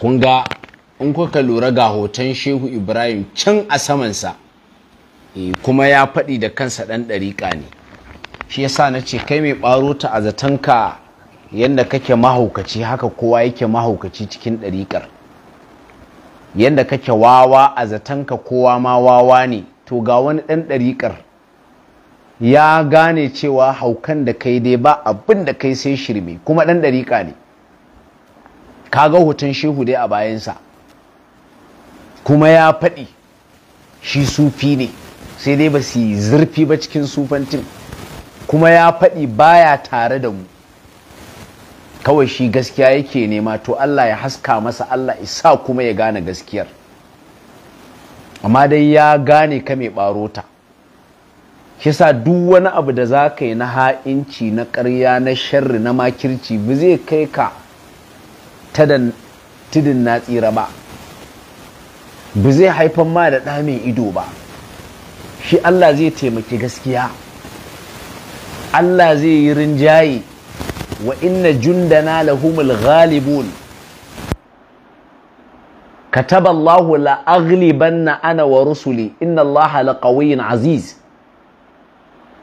kun ga in kuka lura ga hoton shehu ibrahim can a samansa eh, kuma ya faɗi da kansa ɗan ɗariƙa ne shi yasa na ce kai mai ɓaro ta a ka yadda kake mahaukaci haka kowa yake mahaukaci cikin ɗariƙar yadda kake wawa a zatonka kowa ma wawa ne to ga wani ɗan ɗariƙar ya gane cewa haukan da kai dai ba abin da kai sai shirme kuma ɗan ɗariƙa ne ka ga hoton shehu dai a bayansa kuma ya faɗi shi sufi ne sai dai ba su yi zurfi ba cikin sufantin kuma ya faɗi baya tare da mu kawai shi gaskiya yake nema to Allah ya haska masa Allah isa kuma ya gane gaskiyar amma dai ya gane ka mai ɓarota kisa duk wani abu da za ka yi na ha'inci na ƙarya na sharri na makirci ba zai kai ka ta tudun na tsira ba ba zai haifan ma da ɗa mai ido ba shi Allah zai taimaki gaskiya Allah zai yi rinjaye wa inna jundana lahumul ghalibun kataba Allahu la aghlibanna ana wa rusuli inna Allah laqawiyyun aziz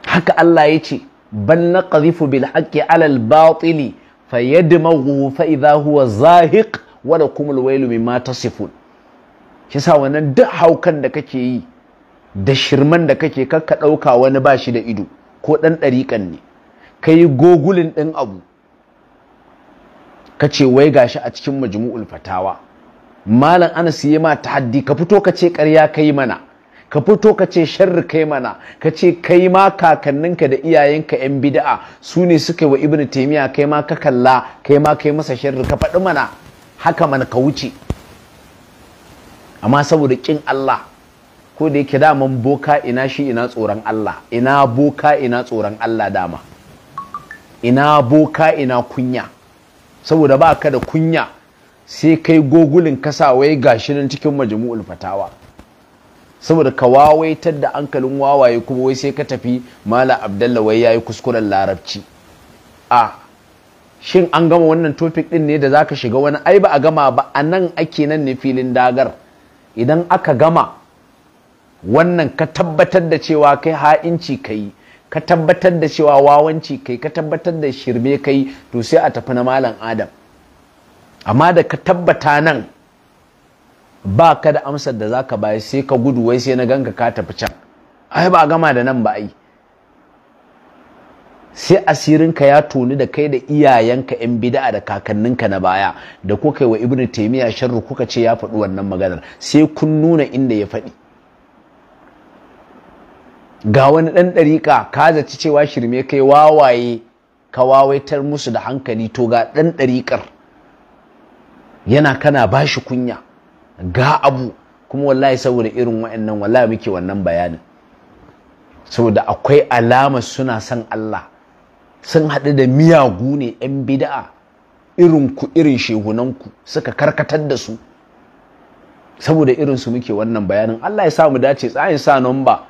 haka Allah ce bal naqdhifu bil haqqi ala al batili fayadmaghu fa idha huwa zahiq wa lakum al waylu mimma tasifun shi wannan duk haukan da kake yi da shirman da kake ka ɗauka wani ba shi da ido ko ɗan ɗariƙan ne ka yi gogulin ɗin abu ka ce wai gashi a cikin majmu'ul fatawa malam anas yi ma tahaddi ka fito kace ce ƙarya kai mana ka fito ka ce sharri kai mana ka ce kai ma kakanninka da iyayenka yan bida'a su ne suka yi wa ibnu taimiya kai ma ka kalla kai ma kai masa sharri ka faɗi mana haka mana ka wuce amma saboda kin Allah ko da yake daman boka ina shi ina tsoron Allah ina boka ina tsoron Allah dama ina boka ina kunya saboda ba ka da kunya sai kai gogulin wai gashi nan cikin majmu'ul fatawa saboda ka wawaitar da hankalin wawaye kuma wai sai ka tafi mala abdalla wai yayi kuskuren larabci a shin an gama wannan topic din ne da zaka shiga wani ai ba a gama ba A nan ake nan ne filin dagar idan aka gama wannan ka tabbatar da cewa kai ha'inci ka yi ka tabbatar da cewa wawanci kai ka tabbatar da shirme kai to sai a tafi na malam adam amma da ka tabbata nan ba ka da amsar da za ka bayi sai ka gudu wai sai na ganka ka tafi can ai ba a gama da nan ba ai sai asirinka ya toni da kai da iyayenka yan bid'a da kakanninka na baya da kuka yi wa ibnu taymiya sharru kuka ce ya faɗi wannan maganar sai kun nuna inda ya faɗi ga wani ɗan ɗariƙa ka zaci cewa shirme kai wawaye ka wawaitar musu da hankali to ga ɗan ɗariƙar yana kana ba shi kunya ga abu kuma wallahi saboda irin wa'annan wallahi muke wannan bayanin saboda akwai alama suna son Allah sun haɗu da miyagu ne 'yan bida'a irin ku irin shehunanku suka karkatar da su saboda irinsu muke wannan bayanin Allah ya sa mu dace tsayin sa nomba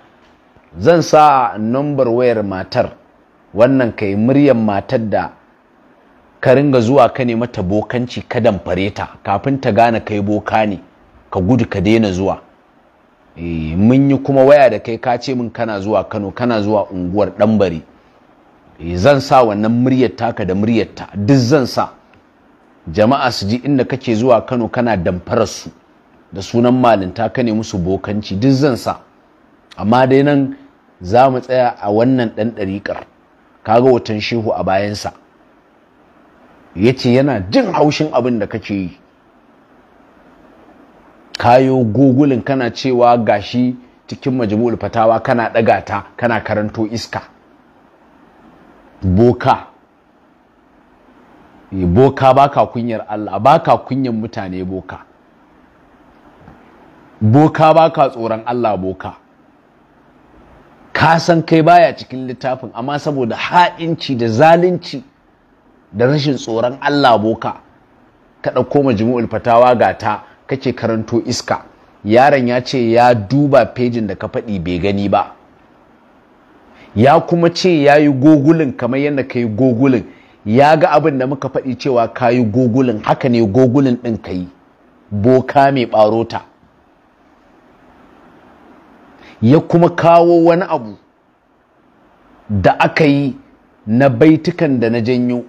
zan sa nombar wayar matar wannan kai muryar matar da ka ringa zuwa ka ne mata bokanci ka damfare ta kafin ta gane kai boka ne ka gudu ka daina zuwa eh, mun yi kuma waya da kai ka ce min kana zuwa Kano kana zuwa unguwar ɗanbari. Eh, zan sa wannan muryar taka da muryar ta duk zan sa jama'a su ji inda kake zuwa Kano kana damfarar su da sunan malinta ka ne musu bokanci duk zan sa amma dai nan za mu tsaya a wannan ɗan ɗariƙar kaga watan shehu a bayansa ya ce yana jin haushin abin da kake yi kayo gogulin kana cewa gashi cikin majmu'ul fatawa kana ɗaga ta kana karanto iska boka eh, boka baka kunyar Allah baka kunyar mutane boka boka baka tsoron Allah boka ka san kai baya cikin littafin amma saboda ha'inci da zalunci da rashin tsoron Allah boka ka ɗauko majmu'ul fatawa ga ta kake karanto iska yaron ya ce ya duba fejin da ka faɗi bai gani ba ya kuma ce ya yi gogulin kamar yadda ka yi gogulin ya ga abin da muka faɗi cewa ka yi gogulin haka ne gogulin ɗin ka yi boka mai ɓarota ya kuma kawo wani abu da aka yi na baitukan da na janyo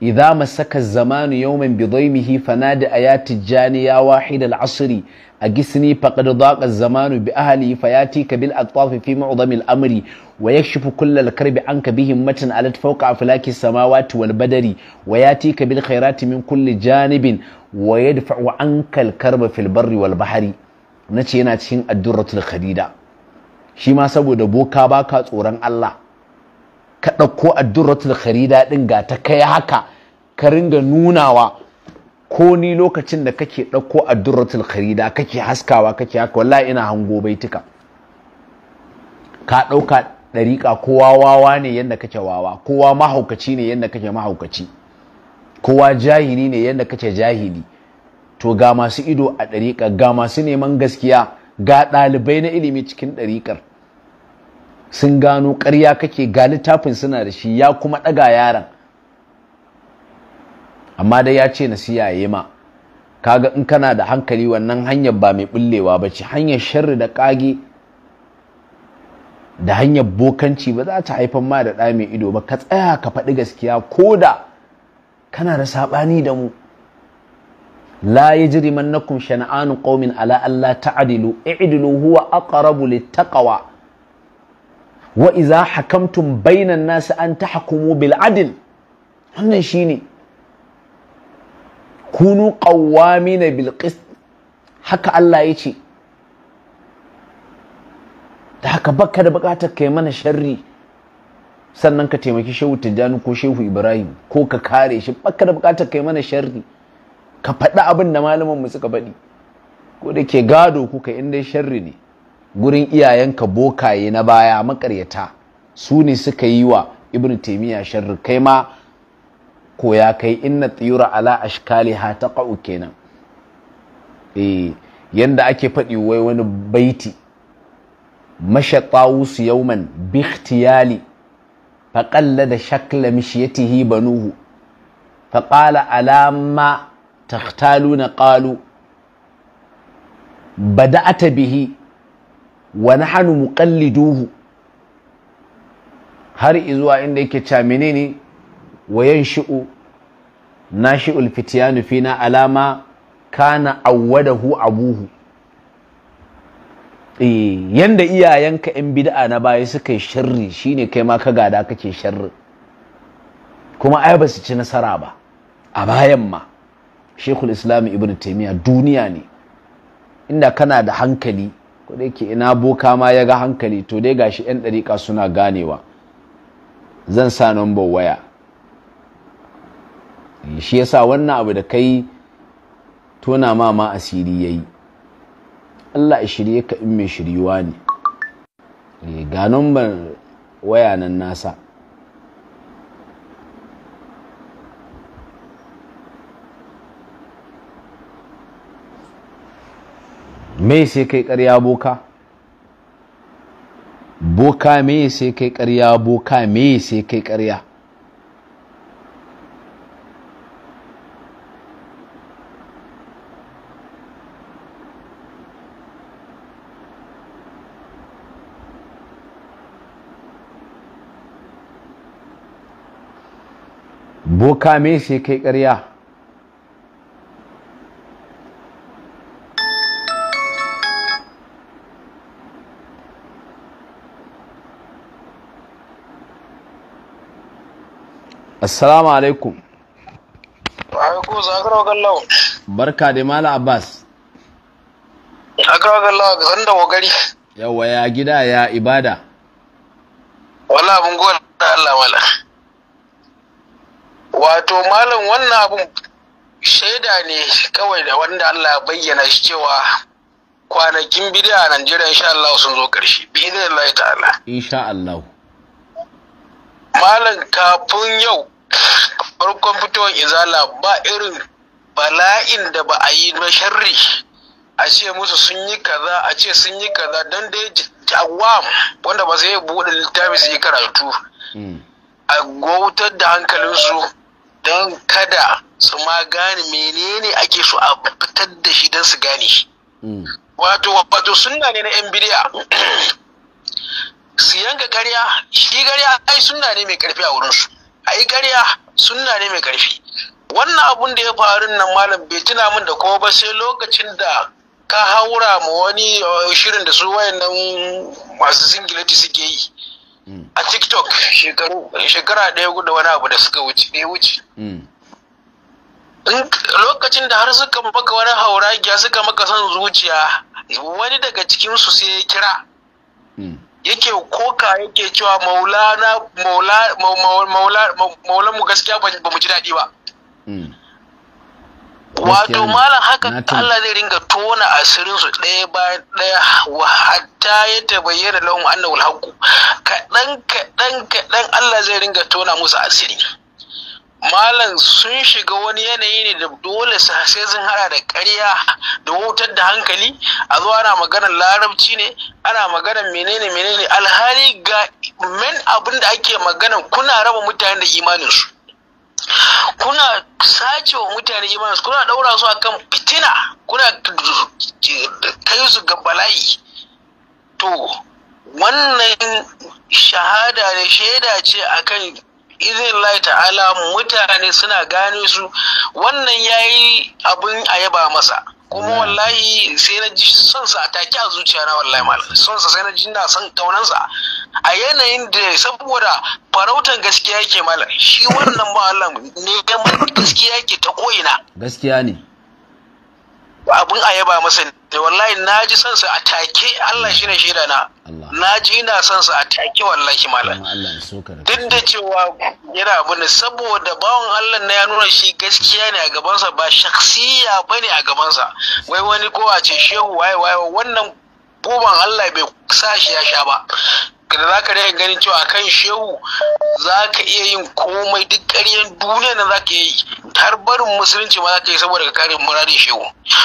idza masaka zamanu yawman bidaimihi fanadi ayati janiya wahid al-asri أجسني فقد ضاق الزمان بأهلي فياتيك بالأطراف في معظم الأمر ويكشف كل الكرب عنك بهمة ألت فوق أفلاك السماوات والبدر وياتيك بالخيرات من كل جانب ويدفع عنك الكرب في البر والبحر نتي ناتين الدرة الخديدة شما سبو دبوكا باكا توران الله كتنكو الدرة الخديدة دنغا تكيهاكا كرنغ نوناوا ko ni lokacin da kake ɗauko a durratul kharida kake haskawa kake haka wallahi ina hango baituka ka ɗauka ɗariƙa kowa wawa ne yadda kake wawa kowa mahaukaci ne yadda kake mahaukaci kowa jahili ne yadda kake jahili to ga masu ido a ɗariƙa ga masu neman gaskiya ga ɗalibai na ilimi cikin ɗariƙar sun gano ƙarya kake ga littafin suna da shi ya kuma ɗaga yaron amma dai ya ce nasiya yi ma kaga in kana da hankali wannan hanyar ba mai bullewa ba ce hanyar sharri da kage da hanyar bokanci ba za ta haifar ma da ɗa mai ido ba ka tsaya ka faɗi gaskiya ko da kana da saɓani da mu la jiri yajrimannakum shana'anu ƙaumin ala Allah ta'dilu i'dilu huwa aqrabu littaqwa wa idza hakamtum bainan nasi an tahkumu bil adl wannan shine kunu qawwamina na qist haka Allah ya ce da haka baka da bukatar kai mana sharri sannan ka taimaki shehu tijjani ko shehu ibrahim ko ka kare shi baka da bukatar kai mana sharri ka faɗi abin da malaman mu suka faɗi ko da ke gado kuka in dai sharri ne gurin iyayenka bokaye na baya makaryata su ne suka yi wa ibn taimiyya sharri kai ma ko ya kai inna tsira ala ta ƙa'u kenan eh yanda ake faɗi wai wani baiti masha tawus yawman bi ikhtiyali faqalla da shakla mishyatihi banuhu na ƙalu. ƙalu bada ata bihi wa nahnu muqalliduhu har izuwa inda yake cha menene Wayan na yanshi'u fitiya nufi na alama kana awwadahu abuhu eh, yanda iyayenka yan bid'a na baya suka yi sharri shine kai ma ka gada kake sharri kuma ai ba su ci nasara ba a bayan ma shekul islam ibn taimiyya duniya ne inda kana da hankali ko dai yake ina boka ma ya ga hankali to dai gashi yan dariƙa suna ganewa zan sa number waya shi yasa wannan abu da kai tona ma ma asiri yayi Allah ya shirye ka in mai shiryuwa ne eh, ga number waya nan nasa me sai kai karya boka boka me sai kai karya boka me sai kai karya boka me shi kai ƙarya assalamu alaikum alaikum zakarwa gallawa barka da mala abbas zakarwa gallawa ga sanda wagari yawa ya gida ya ibada wala abin gona allah mala wato malam wannan abun shaida ne kawai da wanda Allah ya bayyana shi cewa kwanakin bidiya a Najeriya insha Allah sun zo ƙarshe bi Allah ta'ala insha Allah malam kafin yau farkon fitowar izala ba irin bala'in da ba a yi na sharri a ce musu sun yi kaza a ce sun yi kaza don dai jawam wanda ba sai ya buɗe littafi su yi karatu hmm. a gautar da hankalinsu don kada su ma gane menene ake so a fitar da shi don su gane shi hmm. wato wato suna ne na yan bidiya su yanka karya shi karya ai suna ne mai karfi a wurinsu ai karya suna ne mai karfi wannan abun da ya faru nan malam bai tuna min da ko ba sai lokacin da ka haura ma wani uh, shirin da su nan masu singilati suke yi a tiktok shekara ɗaya da wani abu da suka wuce ne wuce mm. lokacin da har suka maka wani hauragiya suka maka son zuciya wani daga cikinsu sai ya kira mm. yake koka yake cewa maulana maula maula maula mu gaskiya ba mu ji daɗi ba mm. wato malam haka Allah zai ringa tona asirin su ɗaya bayan ɗaya wa hatta ya tabayyana lahum annahul haqqu kaɗan kaɗan kaɗan Allah zai ringa tona musu asiri malam sun shiga wani yanayi ne da dole su sai sun hada da ƙarya da wutar da hankali a zuwa ana maganar larabci ne ana magana menene menene alhali ga men abin da ake magana kuna raba mutane da imaninsu kuna sace wa mutane imanin kuna ɗaura su akan fitina kuna kai su ga bala'i to wannan shahada da shaida ce akan izin lai ta'ala mutane suna gane su wannan yayi abin a yaba masa kuma wallahi sai na ji son sa take a zuciya na wallahi malam son sa sai na ji na son taunan sa a yanayin da saboda farautan gaskiya yake malam shi wannan malam ne gaskiya yake ta ko'ina gaskiya ne abin ayaba yaba masa ne da eh, wallahi na ji son su a take Allah shi ne shaida na na ji ina son su a take wallahi malam duk da cewa yana abu ne saboda bawan Allah na ya nuna shi gaskiya ne a gabansa ba shaksiya bane a gabansa wai wani ko a ce shehu waye waye wannan goban Allah bai sa shi ya sha ba da za ka rika ganin cewa akan shehu za ka iya yin komai duk ƙaryen duniya na za ka yi har barin musulunci ma za ka yi saboda ka kare muradin shehu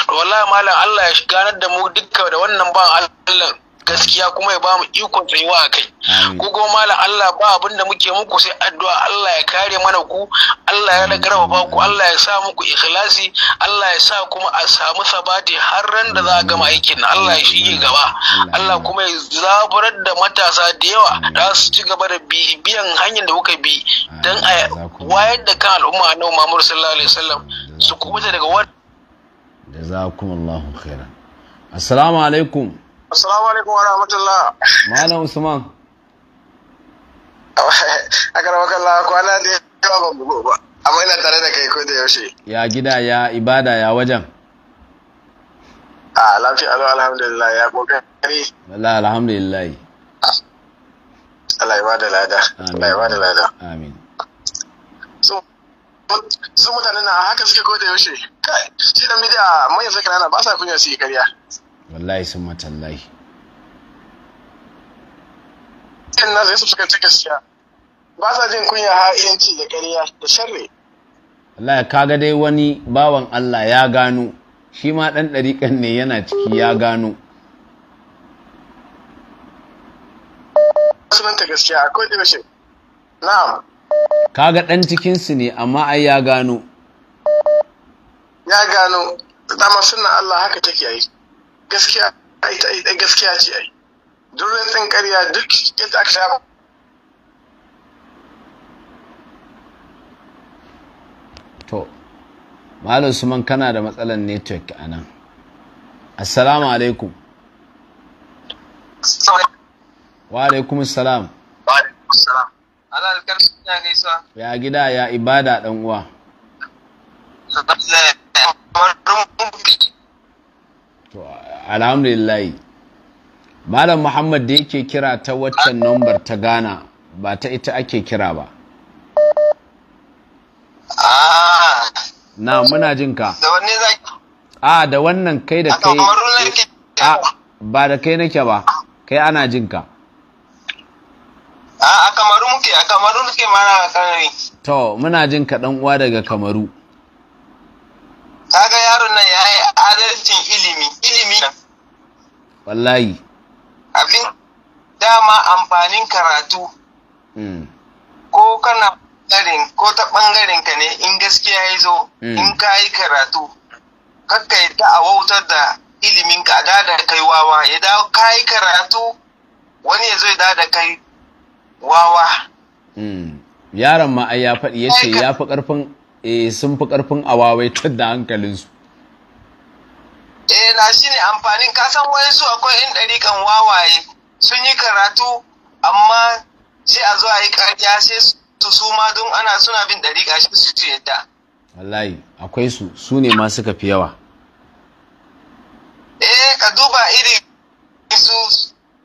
to wallahi malam Allah ya ganar da mu dukka da wannan ban Allah gaskiya kuma ya bamu ikon tsayuwa a kai ku go Allah ba abin da muke muku sai addu'a Allah ya kare mana ku Allah ya ba ku Allah ya sa muku ikhlasi Allah ya sa kuma a samu sabati har ran da za a gama aikin Allah ya shige gaba Allah kuma ya zaburar da matasa da yawa da su ci gaba da biyan hanyar da kuka bi dan a wayar da kan al'umma na Muhammadu sallallahu alaihi wasallam su kuma daga wannan jazakumullahu khairan assalamu alaikum Assalamu alaikum wa rahmatullah. Malam Usman. A karbar kalla kwana da yawa ban bugu ba, amma ina tare da kai ko da yaushe. Ya gida ya ibada ya wajen. A lafiya alu alhamdulillah ya kokari. Wallah alhamdulillah. Allah ya bada lada. Allah ya bada lada. Amin. So su mutanen na haka suke ko da yaushe. Kai, shi da midiya manyan sai kanana ba sa kunya su yi karya. wallahi sun matallahi Yin na zai su suka ci gaskiya ba sa jin kunya ci da ƙarya da sharri wallahi kaga dai wani bawan Allah ya gano shi ma ɗan ɗariƙan ne yana ciki ya gano sunanta gaskiya akwai ɗibishin na'am kaga ɗan cikinsu ne amma ai ya gano ya gano dama suna Allah haka take yi gaskiya gaskiya ce ai duk rantsin ƙarya duk yadda aka sha to malam suman kana da matsalar network a nan assalamu alaikum wa alaikum salam ya gida ya ibada dan uwa to alhamdulillah malam muhammad da yake kira ta waccan nambar ta ghana ba ta ita ake kira ba na muna jin ka da wanne a da wannan kai da kai a ba da kai nake ba kai ana jin ka a kamaru muke a kamaru muke mara kanari to muna jin ka dan uwa daga kamaru kaga yaron nan ya yi adalcin ilimi ilimi wallahi abin dama amfanin karatu hmm. ko kana ɓangaren ko ta ɓangaren ka ne in gaskiya ya zo hmm. in ka yi karatu kakka yadda a wautar da ilimin ka da da kai wawa ya dawo ka yi karatu wani ya zo ya da kai wawa hmm. yaron ma ai ya faɗi ya ce ya fi ƙarfin eh sun fi karfin awawaitar da hankalinsu eh na shi ne amfanin kasan wani su akwai in kan wawaye sun yi karatu amma sai a zo a yi ƙarya sai su su ma don ana suna bin ɗariƙa shi su ce yadda wallahi akwai su su ne ma suka fi yawa eh ka duba iri su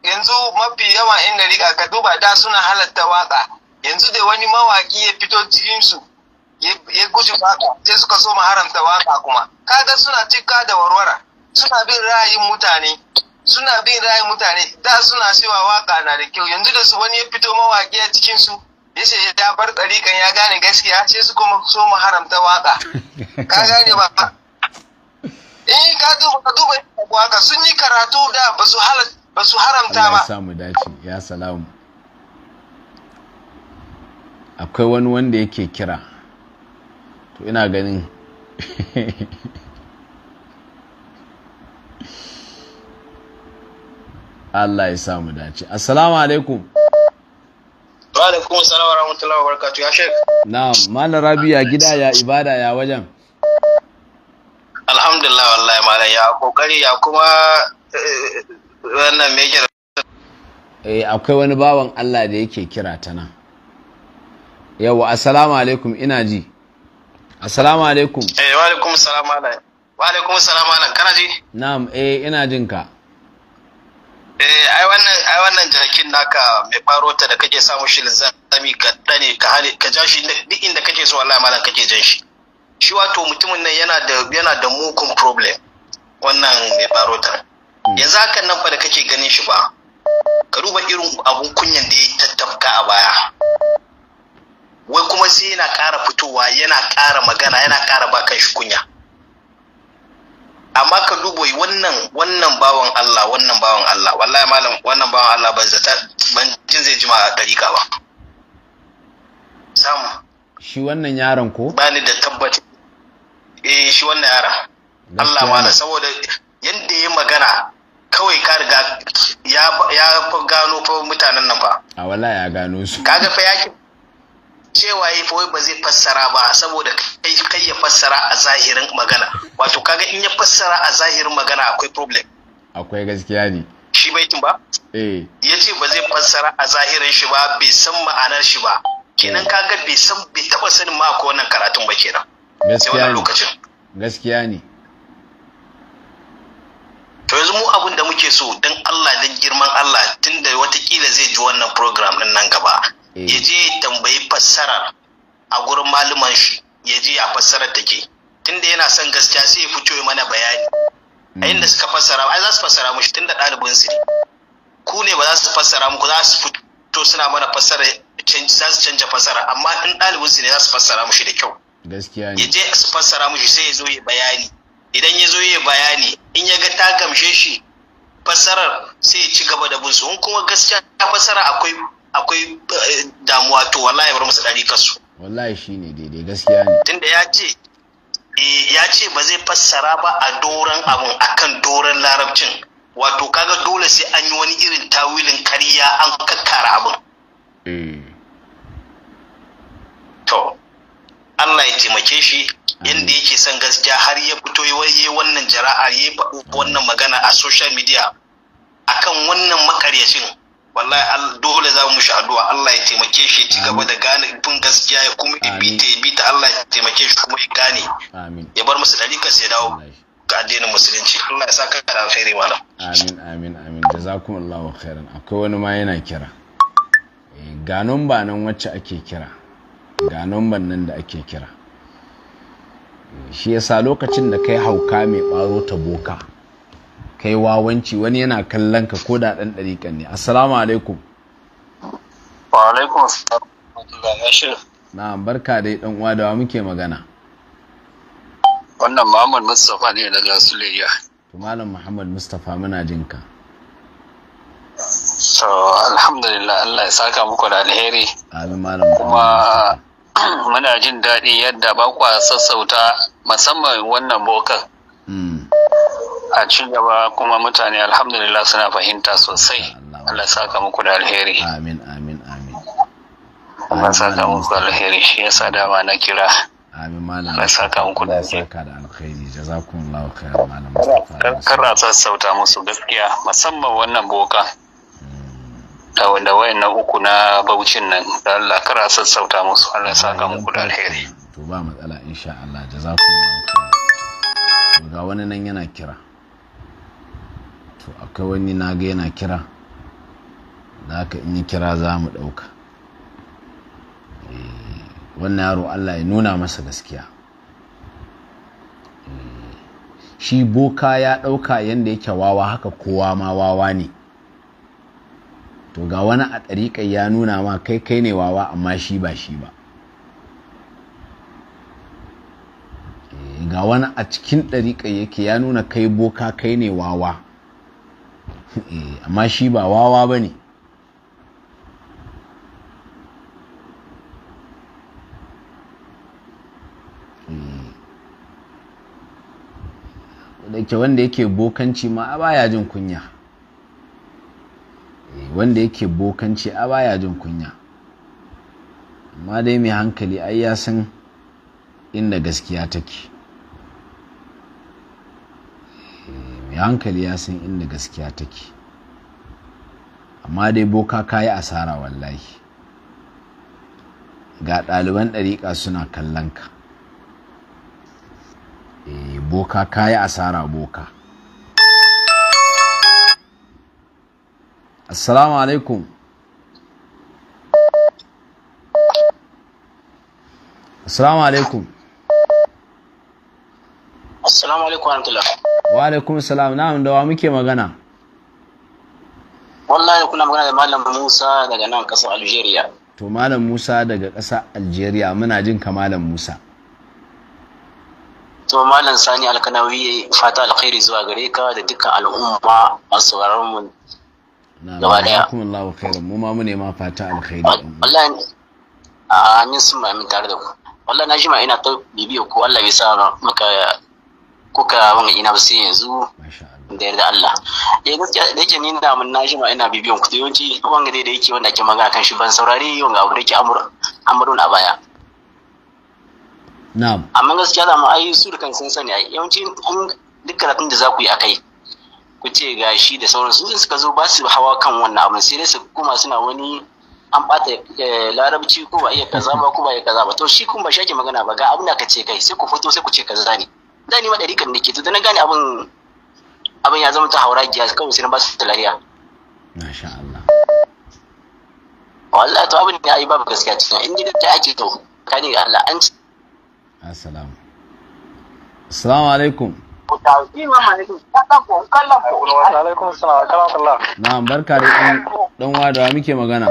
yanzu mafi yawan in ɗariƙa ka duba da suna halatta waka yanzu da wani mawaƙi ya fito cikinsu ya guji waka sai suka so haramta waka kuma kaga suna cika da warwara suna bin ra'ayin mutane suna bin ra'ayin mutane da suna cewa waka na da kyau yanzu da su wani ya fito mawaki a cikin su ce ya bar tsarikan ya gane gaskiya sai su kuma so haramta waka ka gane ba eh ka duba duba waka sun yi karatu da ba su ba su haramta ba ya samu dace ya salamu akwai wani wanda yake kira to ina ganin Allah ya samu dace assalamu alaikum wa alaikum assalam wa rahmatullahi wa barakatuh ya shek na'am malam rabi gida ya ibada ya wajen alhamdulillah wallahi malam ya kokari ya kuma eh, wannan major eh akwai wani bawan Allah da yake kira ta nan yawa assalamu alaikum ina ji Assalamu alaikum. Eh, wa alaikum salam alaikum Wa alaikum salam alaikum Kana ji? Na'am, eh ina jin ka. Eh, ai wannan ai wannan jakin naka mai baro ta da kake samu shi linzami ka dane ka hali ka ja shi duk inda kake so wallahi malam kake jan shi. Shi wato mutumin nan yana da yana da mukun problem. Wannan mai baro ta. Hmm. Yanzu hakan nan fa da kake ganin shi ba. Ka duba irin abun kunyan da ya tattafka a baya. wai kuma sai yana ƙara fitowa yana ƙara magana yana ƙara ba kan shi kunya amma ka dubo wannan wannan bawan Allah wannan bawan Allah wallahi malam wannan bawan Allah ban zata ban jin zai jima a dariƙa ba sam shi wannan yaron ko bani da tabbata eh shi wannan yaron Allah malam saboda yanda ya magana kawai ka riga ya ya gano fa mutanen nan fa a wallahi ya gano su kaga fa yaki cewa ya wai ba zai fassara ba saboda kai ya fassara a zahirin magana wato kaga in ya fassara a zahirin magana akwai problem akwai gaskiya ne shi baitin ba eh ya ce ba zai fassara a zahirin shi ba bai san ma'anar shi ba kenan eh. kaga bai san bai taba sanin ma ko wannan karatun ba kenan gaskiya ne lokacin gaskiya ne to yanzu mu abin da muke so don Allah don girman Allah tunda watakila zai ji wannan program din nan gaba Eh. ya je ya tambayi fassara a gurin maluman shi ya je a ke. take tunda yana son gaskiya sai ya fito mana bayani a hmm. inda suka fassara ai za su fassara mushi tunda ɗalibin su ne ku ne ba za su fassara muku za su fito suna mana fassara za su canja fassara amma in ɗalibin su ne za su fassara mushi da kyau gaskiya ne ya je su fassara mushi sai ya zo ya bayani idan ya zo ya bayani in ya ga ta gamshe shi fassarar sai ya ci gaba da bin su in kuma gaskiya ta fassara akwai akwai eh, damuwa to wallahi bar musu dari kasu wallahi shine daidai gaskiya ne tunda ya ce eh, ya ce ba zai fassara ba a doron abun akan doron larabcin wato kaga dole sai an yi wani irin tawilin kariya an kakkara abun eh. to Allah ya taimake shi yadda yake son gaskiya har ya fito ya wannan jara'a ya wannan magana a social media akan wannan makaryacin wallahi dole za mu addu'a Allah ya taimake shi ci gaba da gane bin gaskiya ya kuma ibita ibita Allah ya taimake shi kuma ya gane ya bar musu dalika sai dawo ga addinin musulunci Allah ya saka da alheri malam amin amin amin jazakumullahu khairan akwai wani ma yana kira eh, ga numba nan wacce ake kira ga numban nan da ake kira eh, shi yasa lokacin da kai hauka mai baro ta boka kai wawanci wani yana kallon ka ko da ɗan ɗariƙan ne assalamu alaikum wa alaikum na'am barka dai ɗan uwa da wa muke magana wannan muhammad mustapha ne daga sulayya to malam muhammad mustapha muna jinka so alhamdulillah allah ya saka muku da alheri kuma muna jin daɗi yadda ba kwa sassauta musamman wannan bokan hmm. a ci gaba kuma mutane alhamdulillah suna fahimta sosai Allah saka muku da alheri amin amin amin Allah saka muku da alheri shi yasa dama na kira amin malam Allah saka muku da alheri saka da alheri jazakumullahu khairan malam karra sassauta musu gaskiya musamman wannan boka hmm. da wanda na uku na baucin nan da Allah kar sassauta musu Allah saka muku da alheri to ba matsala insha Allah jazakumullahu khairan ga wani nan yana kira akwai wani na ga yana kira da aka yi kira za mu ɗauka eh, wannan yaro allah ya nuna masa gaskiya eh, shi boka ya ɗauka yadda yake wawa haka kowa ma wawa ne to ga wani a ɗariƙar ya nuna ma kai kai ne wawa amma shi ba shi ba eh, ga wani a cikin ɗariƙar yake ya nuna kai boka kai ne wawa Eh, amma shi ba wawa ba ne eh. da wanda yake bokanci ma a baya jin kunya eh, wanda yake bokanci a baya jin kunya amma dai mai hankali ai ya san inda gaskiya take mai hankali ya san inda gaskiya take amma dai boka kayi asara wallahi ga ɗaliban ɗariƙa suna kallon ka e, boka kayi asara boka assalamu alaikum assalamu alaikum assalamu alaikum warahmatullahi wa salam na'am da wa muke magana wallahi kuna magana da malam Musa daga nan ƙasar Algeria to malam Musa daga ƙasar Algeria muna jin ka malam Musa to malam Sani Alkanawi fata alkhairi zuwa gare ka da dukkan al'umma a sauraron mu gaba daya Allahu khairan mu ma mu ne ma fata alkhairi wallahi amin sun ba tare da ku wallahi na ma ina ta bibiyo ku Allah bai sa maka kuka wanga ina ba sai yanzu da yarda Allah ya eh, gaskiya da yake ni da mun nashi ma ina bibiyon ku yawanci wanga dai da yake wanda ake magana kan shi ban saurari wanga abu da yake amurun a baya na'am amma gaskiya da mu ai su da kan sun sani ai yawanci duk karatun da za ku yi akai ku ce ga shi da sauran su suka zo ba su hawa kan wannan abin sai dai su kuma suna wani an bata eh, larabci ko ba iya kaza ba ko ba iya kaza ba to shi kun ba shi magana ba ga abin da ka ce kai sai ku fito sai ku ce kaza ne da ni ma ɗariƙar nake to na gane abin abin ya zama ta haura giya kawai sai na ba su talariya masha Allah wallah to abin ya yi babu gaskiya cikin in da ta ake to kani ga Allah an assalamu assalamu alaikum Na'am barka da ɗan ɗan wadawa muke magana.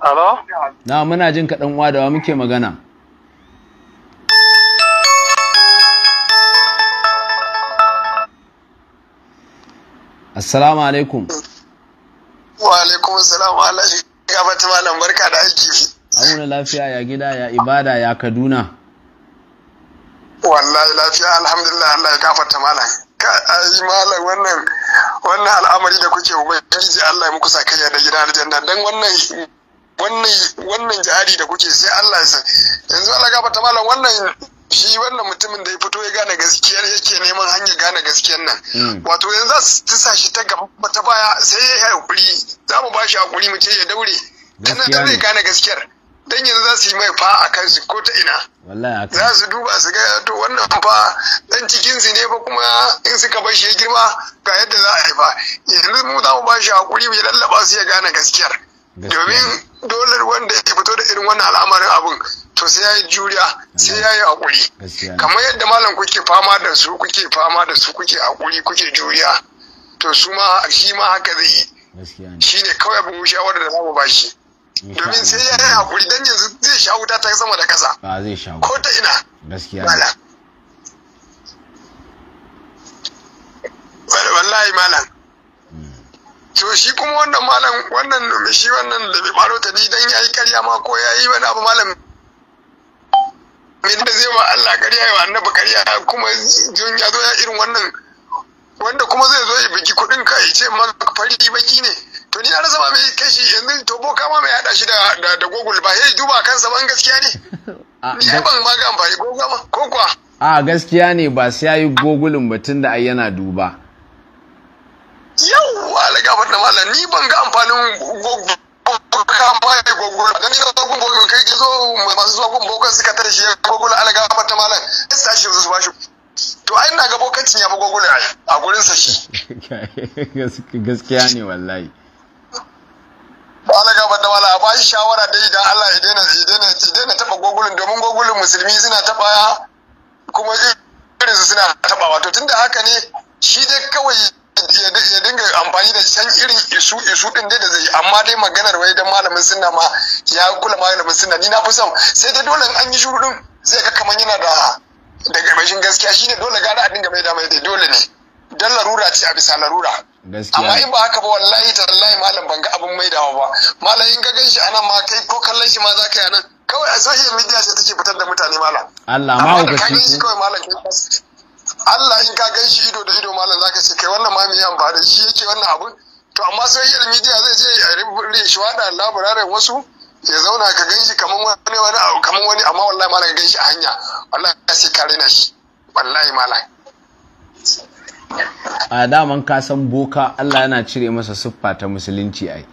Alo? Na muna jin ka wadawa muke magana. assalamu alaikum wa alaikum assalamu alaikum gabata malam barka da aiki Amuna lafiya ya gida ya ibada ya kaduna wallahi lafiya alhamdulillah Allah ya kafarta malam ka ai malam wannan wannan al'amari da kuke ubangiji Allah ya muku sakayya da gida, aljanna dan wannan wannan wannan jihadi da kuke sai Allah ya san yanzu Allah gafarta malam wannan shi wannan mutumin da ya fito ya gane gaskiyar yake neman hanyar gane gaskiyar nan hmm. wato yanzu za su shi ta gaba ta baya sai ya yi hakuri za mu ba shi hakuri mu ce ya daure tana da zai gane gaskiyar dan yanzu za su yi mai fa a kansu ko ta ina za su duba su ga to wannan fa dan cikin su ne ba kuma in suka bar shi ya girma ga yadda za a yi fa yanzu mu za mu ba shi hakuri mu ya lallaba su ya gane gaskiyar domin dolar wanda ya fito da irin wannan al'amarin abin to sai ya yi juriya sai ya yi haƙuri kamar yadda malam kuke fama da su kuke fama da su kuke haƙuri kuke juriya to su ma shi ma haka zai yi shi ne kawai abin shawarar da zamu bashi domin sai ya yi haƙuri dan yanzu zai sha wuta ta sama da ƙasa ko ta ina malam wallahi malam hmm. to shi kuma wannan malam wannan shi wannan da bai faro ta ni dan yayi karya ma ko yayi wani abu malam me da zai ma Allah ƙarya ya annabi kariya kuma jin ya zo ya irin wannan wanda kuma zai zo ya biki kuɗin ka ya ce ma fari baki ne to ni na rasa ma mai kashi yanzu to boka ma mai haɗa shi da da Google ba yayi duba kansa ban gaskiya ne ni ban ma ga amfani Google ma ko kuwa a gaskiya ne ba sai yayi Google batun da ai yana duba yawwa lagafar da malam ni ban ga amfanin Google kan kai shi malam su to ina ya a shi gaskiya ne wallahi Ba ga fata ba a shawara dai idan Allah ya daina ya daina ya daina taba gwagwulin domin gogulin musulmi suna taba kuma irin su suna taba wato tunda haka ne shi dai kawai ya dinga amfani da san irin isu isu din dai da zai amma dai maganar wai dan malamin sunna ma ya kula malamin sunna ni na fi son sai dai dole an yi shuru din zai ga kaman yana da da garbashin gaskiya shine dole gara a dinga mai da mai dole ne dan larura ce a bisa larura amma in ba haka ba wallahi tallahi malam ban ga abin maidawa ba malam in ga ganshi anan ma kai ko kallon shi ma za ka yi anan kawai a social media sai take fitar da mutane malam Allah ma hukunci kawai malam Allah in ka gan shi ido da ido malam zaka ce kai wannan ma me amfani shi yake wannan abun to amma yar media zai je ya shi dan labarare wasu ya zauna ka gan shi kaman wani wani kaman wani amma wallahi malam gan shi a hanya wallahi sai ka rena shi wallahi malam a daman ka san boka Allah yana cire masa siffa ta musulunci ai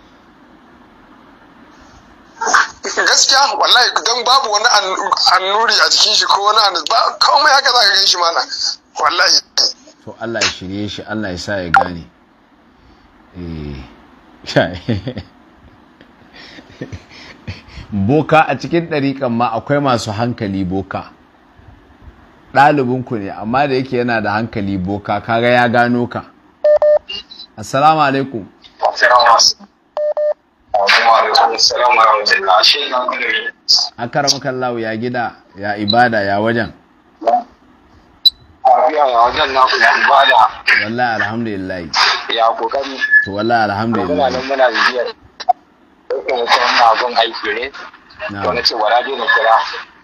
gaskiya wallahi don babu wani annuri a jikin shi ko wani ba komai haka za ka gan shi mana wallahi to Allah ya shirye shi Allah ya sa ya gane eh boka a cikin ɗariƙan ma akwai masu hankali boka ɗalibinku ne amma da yake yana da hankali boka kaga ya gano ka assalamu alaikum karamakan lau ya gida ya ibada ya wajen yaya na ku ibada wallahi alhamdulillah ya kokari to wallahi alhamdulillah muna muna bibiyar kuma sai muna gon aiki ne to na ce wara na kira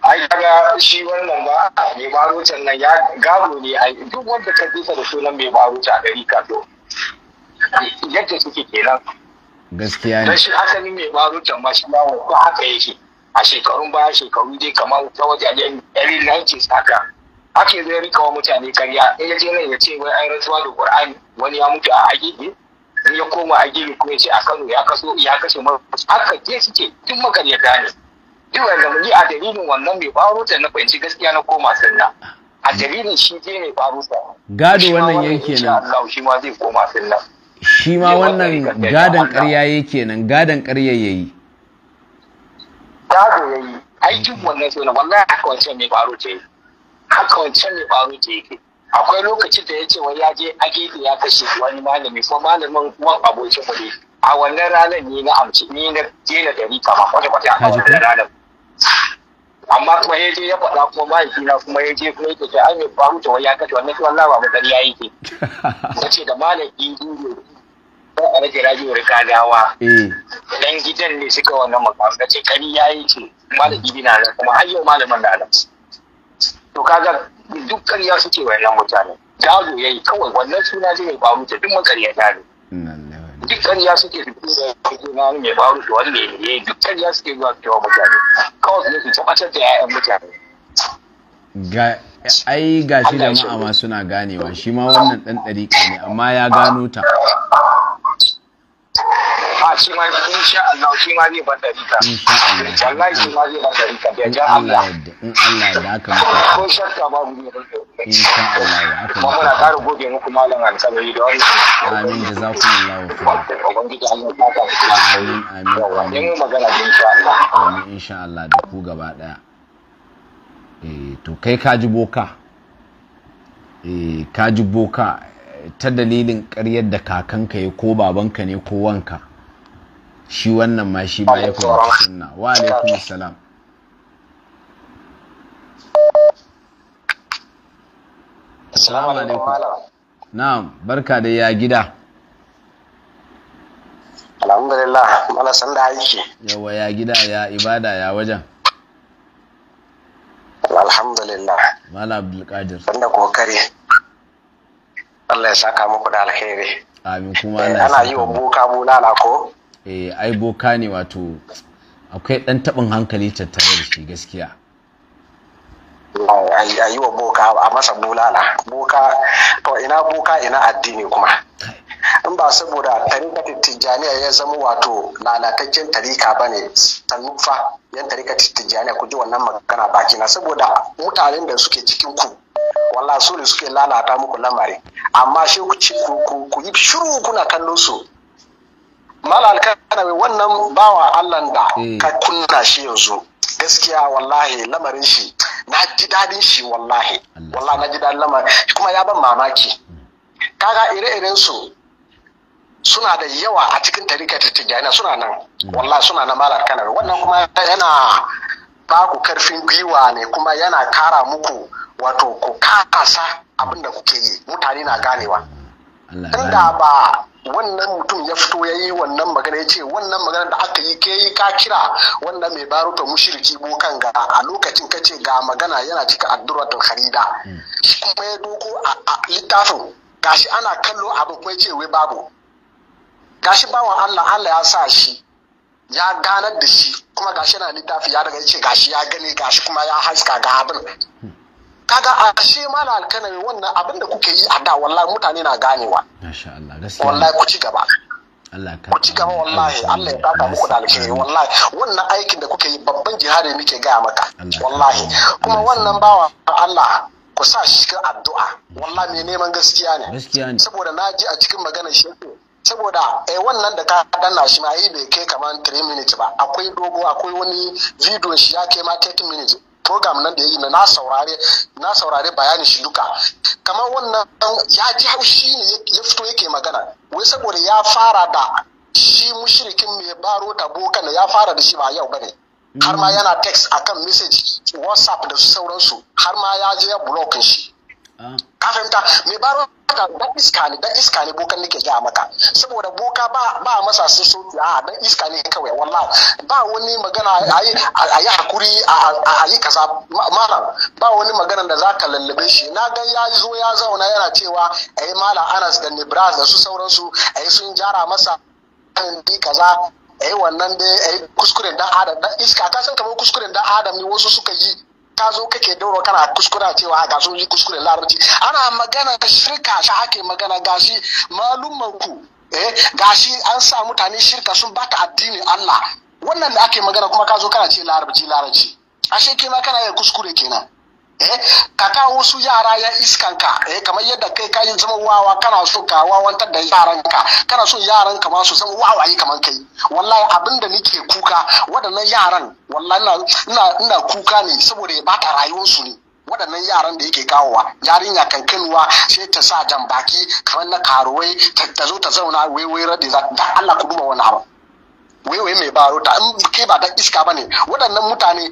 ai kaga shi wannan ba mai barutan nan ya gado ne ai duk wanda ka bisa da sunan mai baruta gari ka to yadda suke kenan gaskiya ne shi asalin mai barutan ma shi ma ko haka yake a shekarun baya shekaru dai kamar ta wajajen 1990 haka ake zai rika wa mutane karya in ya je nan ya ce wai an rantsuwa da qur'ani wani ya mutu a agege in ya koma agege kuma ya ce a kano ya kaso ya kashe mara haka ke suke tun makaryata ne duk wanda mu a dalilin wannan mai baro ta na fahimci gaskiya na koma sunna a dalilin shi je mai baro ta gado wannan yanke nan shi ma zai koma sunna shi ma wannan gadon karya yake nan gadon ya yayi gado yayi aikin wannan sunan wallahi haka wancan mai baro ta yi haka wancan mai faru da yake akwai lokacin da ya ce wani ya je a gefe ya kashe wani malami ko malamin kuma abokin mu ne a wannan ranar ne na amci ne na jela dari kama kwata kwata a wannan ranar amma kuma ya je ya faɗa kuma mahaifina kuma ya je kuma yake ai mai faru da wani ya kashe wannan shi wallahi ba mu gari ya yake na ce da malam idu ne ko a rage rajiyar gagawa eh. dan gidan ne suka wannan makamu na ce kari ya yake malami idu na kuma har yau malamin na nan to kaga duk ƙarya suke wayannan mutane jado yayi kawai wannan suna zai mai faru ta duk ta ne duk ƙarya suke da suna mai faru da wanda ya yi duk ƙarya suke zuwa su mutane kawai ne su tabbatar da 'ya'yan mutane ga ai ga shi da ma'ama suna ganewa shi ma wannan ɗan ne amma ya gano ta a shi ma insha Allah shi ma zai bar dariƙa wallahi shi ma zai bar dariƙa da ja Allah in Allah ya haka ko shakka babu ne insha Allah ya haka kuma muna ƙara gode muku malam alƙalari da wannan amin jazakumullahu khairan ubangiji Allah ya saka amin amin amin magana insha Allah amin insha Allah da ku gaba daya eh to kai ka ji boka eh ka ji boka eh, ta dalilin ƙaryar da kakanka ya ko babanka ne ko wanka shi wannan ma shi ma ya kuma sunna wa alaikum salam assalamu alaikum na'am barka da ya gida alhamdulillah mana san da aiki yawa ya gida ya ibada ya wajen alhamdulillah mala abdulkadir banda kokari Allah ya saka muku da alheri amin kuma Allah ya eh, saka ana yi wa buka bulala ko eh ai boka ne wato akwai dan tabin hankali tattare da shi gaskiya a yi wa boka a masa bulala boka to ina boka ina addini kuma in ba saboda tarikatar tijjaniya ya zama wato lalataccen tarika ba ne sannu yan tarikatar tijjaniya ku ji wannan magana baki na saboda mutanen da suke cikin ku wallah su ne suke lalata muku lamari amma shi ku ci ku yi shiru kuna kallon su malal kanawi wannan bawa allah da mm. ka kunna shi yanzu gaskiya wallahi lamarin shi na ji dadin shi wallahi wallahi na ji dadin lamarin kuma ya ban mamaki kaga ire-iren su suna da yawa a cikin tarika ta tijjani suna nan mm. wallahi suna na malar kanar wannan kuma yana ba ku karfin gwiwa ne kuma yana kara muku wato ku kasa abin da kuke yi mutane na ganewa inda mm. ba wannan mutum ya fito ya yi wannan magana ya ce wannan magana da aka yi ke yi ka kira wannan mai baruta mushiriki bokan ga a lokacin ka ce ga magana yana cika addu'atul harida hmm. shi kuma ya doko a littafin gashi ana kallo abin kuma ce wai babu gashi bawan Allah Allah ya sa shi ya ganar da shi kuma gashi yana littafi ya daga ce gashi ya gani gashi kuma ya haska ga abin kaga a shi mala alkanami wannan abin da kuke yi a da wallahi mutane na ganewa wallahi ku ci gaba Allah ku ci gaba wallahi Allah ya baka muku da alkhairi wallahi wannan aikin da kuke yi babban jihadi muke gaya maka wallahi kuma wannan bawa Allah ku sa shi cikin addu'a wallahi mai neman gaskiya ne gaskiya ne saboda na ji a cikin magana shi saboda eh wannan da ka danna shi ma yi bai kai kamar 3 minutes ba akwai dogo akwai wani video shi ya kai ma 30 minutes program nan da ya yi na saurare na saurare bayanin shi duka kamar wannan ya ji haushi ne ya fito yake magana wai saboda ya fara da shi mushrikin mai baro da bokan ya fara da shi ba yau bane har ma mm. yana text akan message whatsapp da sauransu har ma ya je ya block shi ka fahimta mai ruwa da iska ne dan iska ne bokan nake ga maka saboda boka ba ba masa su so a dan iska ne kawai wallahi ba wani magana ayi ayi hakuri ayi kaza malam ba wani magana da zaka lallabe shi na ga ya zo ya zauna yana cewa ayi eh, malam Anas da Nibras da su sauransu ayi eh, sun jara masa di kaza ayi eh, wannan dai ayi kuskuren dan adam dan iska ka san kamar kuskuren dan adam ne wasu suka yi ka zo kake dauro kana kuskura cewa ga sun yi kuskure larabci ana magana shirka shi hake magana gashi malumanku eh gashi an sa mutane shirka sun baka addinin Allah wannan da ake magana kuma ka zo kana ce larabci larabci ashe ke ma kana yin kuskure kenan Eh, ka kawo wasu yara ya iskan ka? eh kamar yadda kai ka yi zama wawa kana so ka wawantar da yaranka kana so yaran ma su zama wawaye kamar kai wallahi abin da nake kuka waɗannan yaran wallahi ina ina kuka ne saboda ya bata su ne waɗannan yaran da yake kawowa yarinya kankanuwa sai ta sa jan baki kamar na karuwai ta zo ta zauna waiwai rade da Allah ku duba wani abu waiwai mai baro ta in kai ba dan iska bane waɗannan mutane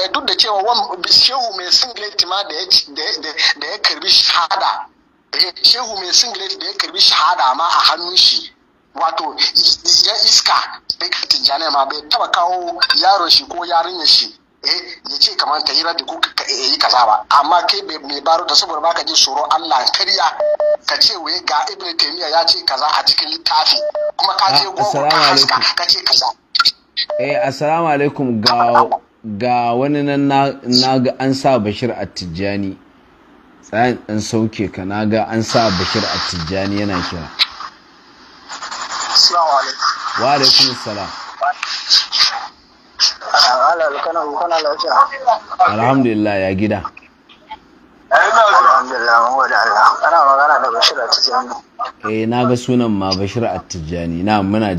eh, duk da cewa wan shehu mai singlet ma da ya da ya, karbi shahada eh, shehu mai singlet da ya karbi shahada ma a hannun shi wato ya iska da tijjani ma bai taba kawo yaron shi ko yarinyar shi eh ya ce kamar ka yi raddi ko ka eh, yi kaza ba amma kai mai baro da saboda baka ji tsoro Allah karya ka ce wai ga Ibn Taymiyyah ya ce kaza a cikin littafi kuma ka je ah, gogo ka haska ka ce kaza eh assalamu alaikum ga ga wani nan na ga an sa Bashir Attijani tsayin dan sauke ka na ga an sa Bashir Attijani yana kira assalamu alaikum wa alaikum assalam alhamdulillah ya gida alhamdulillah ana magana da eh na ga sunan ma Bashir Attijani na muna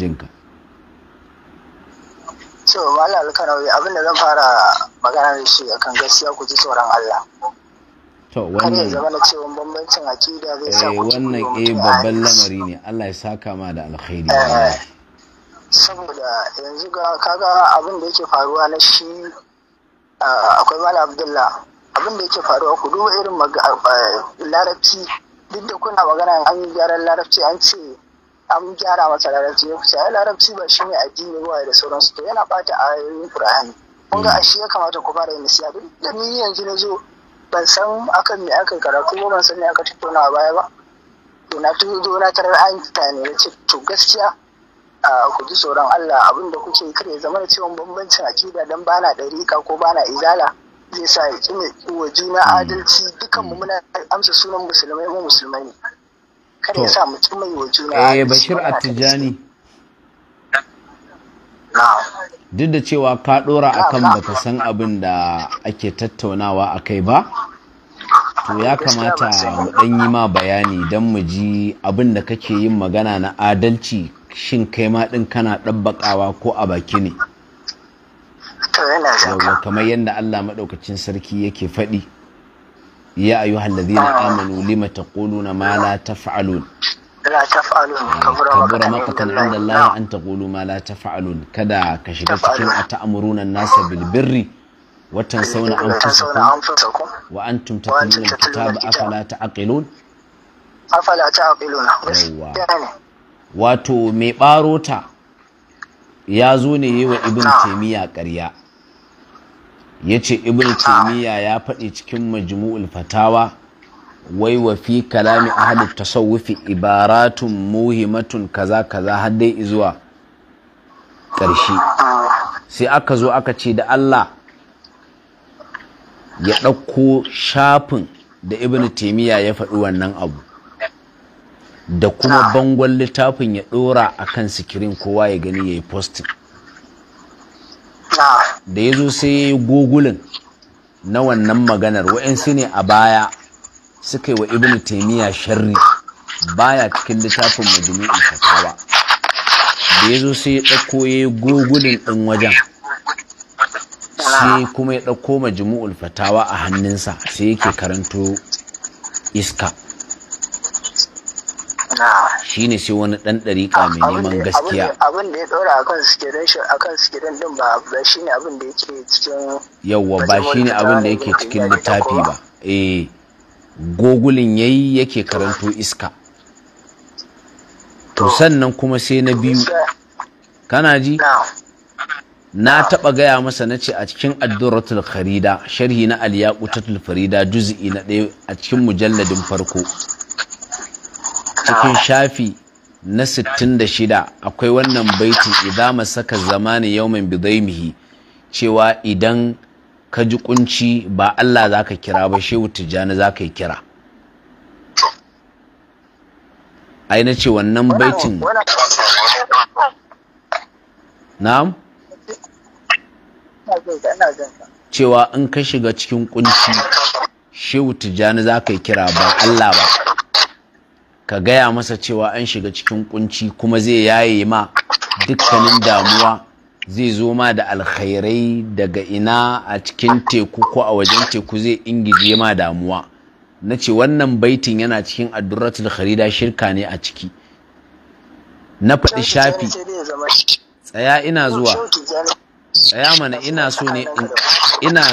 so alkanawi abinda zan fara magana da shi akan gaskiya ku ji tsoron Allah to wannan zama cewa bambancin akida zai sa ku eh, wannan eh babban lamari ne Allah ya saka ma da alkhairi eh, eh. saboda yanzu kaga abin da yake faruwa na shi akwai mala abdullah abin da yake faruwa ku duba irin larabci duk da kuna magana an yi gyaran larabci an ce an gyara masa larabci ya kusa larabci ba shi ne addini ba da sauransu to yana bata a ayoyin qur'ani kun ga ashe ya kamata ku fara yin siya duk da ni yanzu na zo ban san akan me aka karatu ko ban san me aka tattauna baya ba to na tuzo na tarar an ta ne ce to gaskiya ku ji tsoron Allah abin da kuke kar ya zama da cewa bambancin akida dan bana ɗarika ko bana izala zai sa ya kime wa juna hmm. adalci dukan mu muna amsa sunan musulmai mu musulmai ne kar ya sa mu kime wa juna eh Bashir Attijani duk da cewa ka ɗora akan baka san abin da ake tattaunawa akai ba to ya kamata mu ɗan yi ma bayani don mu ji abin da kake yin magana na adalci shin kai ma din kana ɗabbaƙawa ko a baki ne yawwa kamar yadda Allah maɗaukacin sarki yake faɗi ya ayu hallazina ah. amanu lima taquluna ma la taf'alun la taf'alun maka kan 'inda Allah an taqulu ma la taf'alun kada ka shiga cikin ata'muruna an-nasa bil birri Sauna an anfusakum wa antum tatluna al-kitaba afala ta'qilun afala ta'qiluna wato mai ɓarota ya zo ne yi wa ibn taimiyya ƙarya ya ce ibn taimiyya ya faɗi cikin majmu'ul fatawa wai wa fi kalami ahli tasawufi ibaratun muhimmatun kaza kaza har dai izuwa ƙarshe sai aka zo aka ce da Allah ya ɗauko shafin da ibn taimiyya ya faɗi wannan abu da kuma ah. bangon littafin ya dora a kan sikirin kowa ya gani ya yi postin ah. da ya zo sai ya yi gogulin na wannan maganar wa'yansu ne a baya suka yi wa ibn taimiyya sharri baya cikin littafin majmu'in fatawa da ya zo sai ya ɗauko ya yi gogulin ɗin wajen sai kuma ya ɗauko majmu'ul fatawa a hannunsa sai yake karanto iska shine sai wani dan dariƙa mai neman gaskiya abin da ya tsora akan sikirin shi akan sikirin din ba ba shine abin da yake cikin ba shine abin da yake cikin littafi ba eh gogulin yayi yake karanto iska to sannan kuma sai na biyu kana ji na taɓa gaya masa na ce a cikin addurratul kharida sharhi na aliyaqutatul farida juz'i na ɗaya a cikin mujalladin farko cikin ah. shafi na 66 akwai wannan baiti idan masaka zamani yawmin bidaimihi cewa idan ka ji kunci ba Allah za ka kira ba shehu tijjani za ka yi kira ai na ce wannan baitin na'am cewa in ka shiga cikin kunci shehu tijjani za ka yi kira ba Allah ba ka gaya masa cewa an shiga cikin kunci kuma zai yaye ma dukkanin damuwa zai zo ma da alkhairai daga ina a cikin teku ko a wajen teku zai ingije ma damuwa na ce wannan baitin yana cikin addurratul kharida shirka ne a ciki na faɗi shafi tsaya ina zuwa tsaya mana ina so ne ina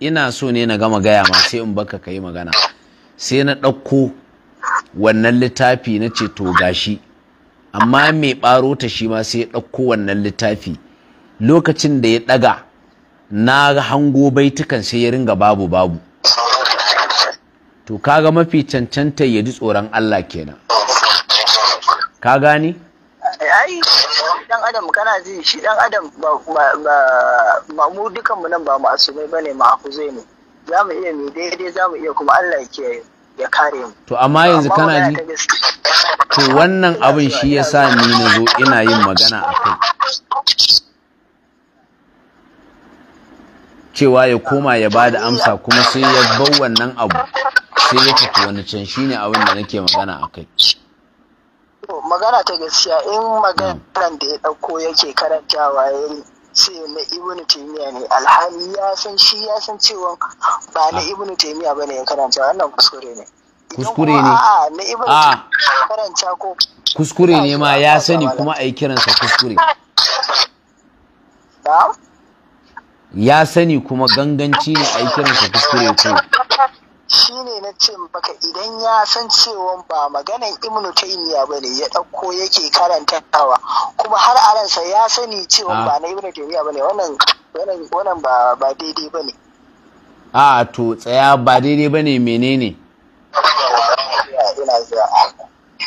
ina so ne na gama gaya ma sai in baka kai magana sai na ɗauko wannan littafi na ce to gashi amma mai ɓaro ta shi ma sai ya ɗauko wannan littafi lokacin da ya ɗaga na hango baitukan sai ya ringa babu babu to kaga mafi cancanta ya ji tsoron Allah kenan ka gani ai dan adam kana ji shi dan adam ba mu dukan mu nan ba mu mai bane ma aku zai ne za mu iya mu daidai za mu iya kuma Allah ya kiyaye ya kare mu to amma yanzu kana ji to wannan abin shi ya sa ni na zo ina yin magana a kai cewa ya koma ya ba da amsa kuma sai ya bau wannan abu sai ya tafi wani can shi ne abin da nake magana a kai magana ta gaskiya in maganan da ya ɗauko yake karantawa ya ce na ibn taymiya ne alhali ya san shi ya san cewa ba na ibnu taymiya bane ya karanta wannan kuskure ne kuskure ne a na ibn ah. karanta ko kuskure ne ma ya sani kuma a yi kiransa kuskure ya sani kuma ganganci ne a yi kiransa kuskure ko Shi ne na ce baka idan ya san cewa ba maganan ibnu taymiya ba ne ya ɗauko yake karantawa kuma har aransa ya sani cewa ah. ba na ibnu taymiya ba ne wannan ba daidai ba ne a ah, to tsaya ba daidai ba ne menene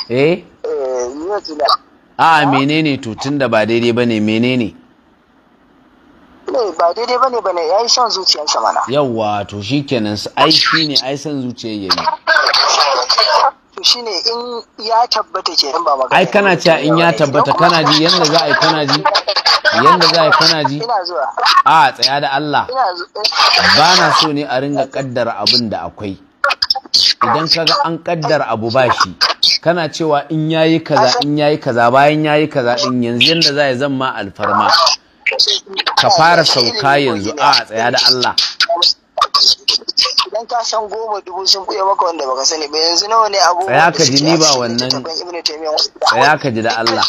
eh, eh a ah, menene to da ba daidai ba ne menene ba daidai ba ne ba ne ya yi son zuciyarsa mana yawwa to shi kenan ai ne ai son zuciyar ya to shi ne in ya tabbata ke ba magana ai kana cewa in ya tabbata kana ji yanda za a yi kana ji yanda za a yi kana ji a tsaya da Allah eh. ba na so ne a ringa kaddara abin da akwai idan ka ga an kaddara abu ba shi kana cewa in yayi kaza in yayi kaza bayan yayi kaza din yanzu yanda za a yi zan ma alfarma ka fara sauka yanzu a tsaya da Allah idan ka san goma dubu sun buya maka wanda baka sani ba yanzu nawa ne abu tsaya ka ji ni ba wannan tsaya ka ji da Allah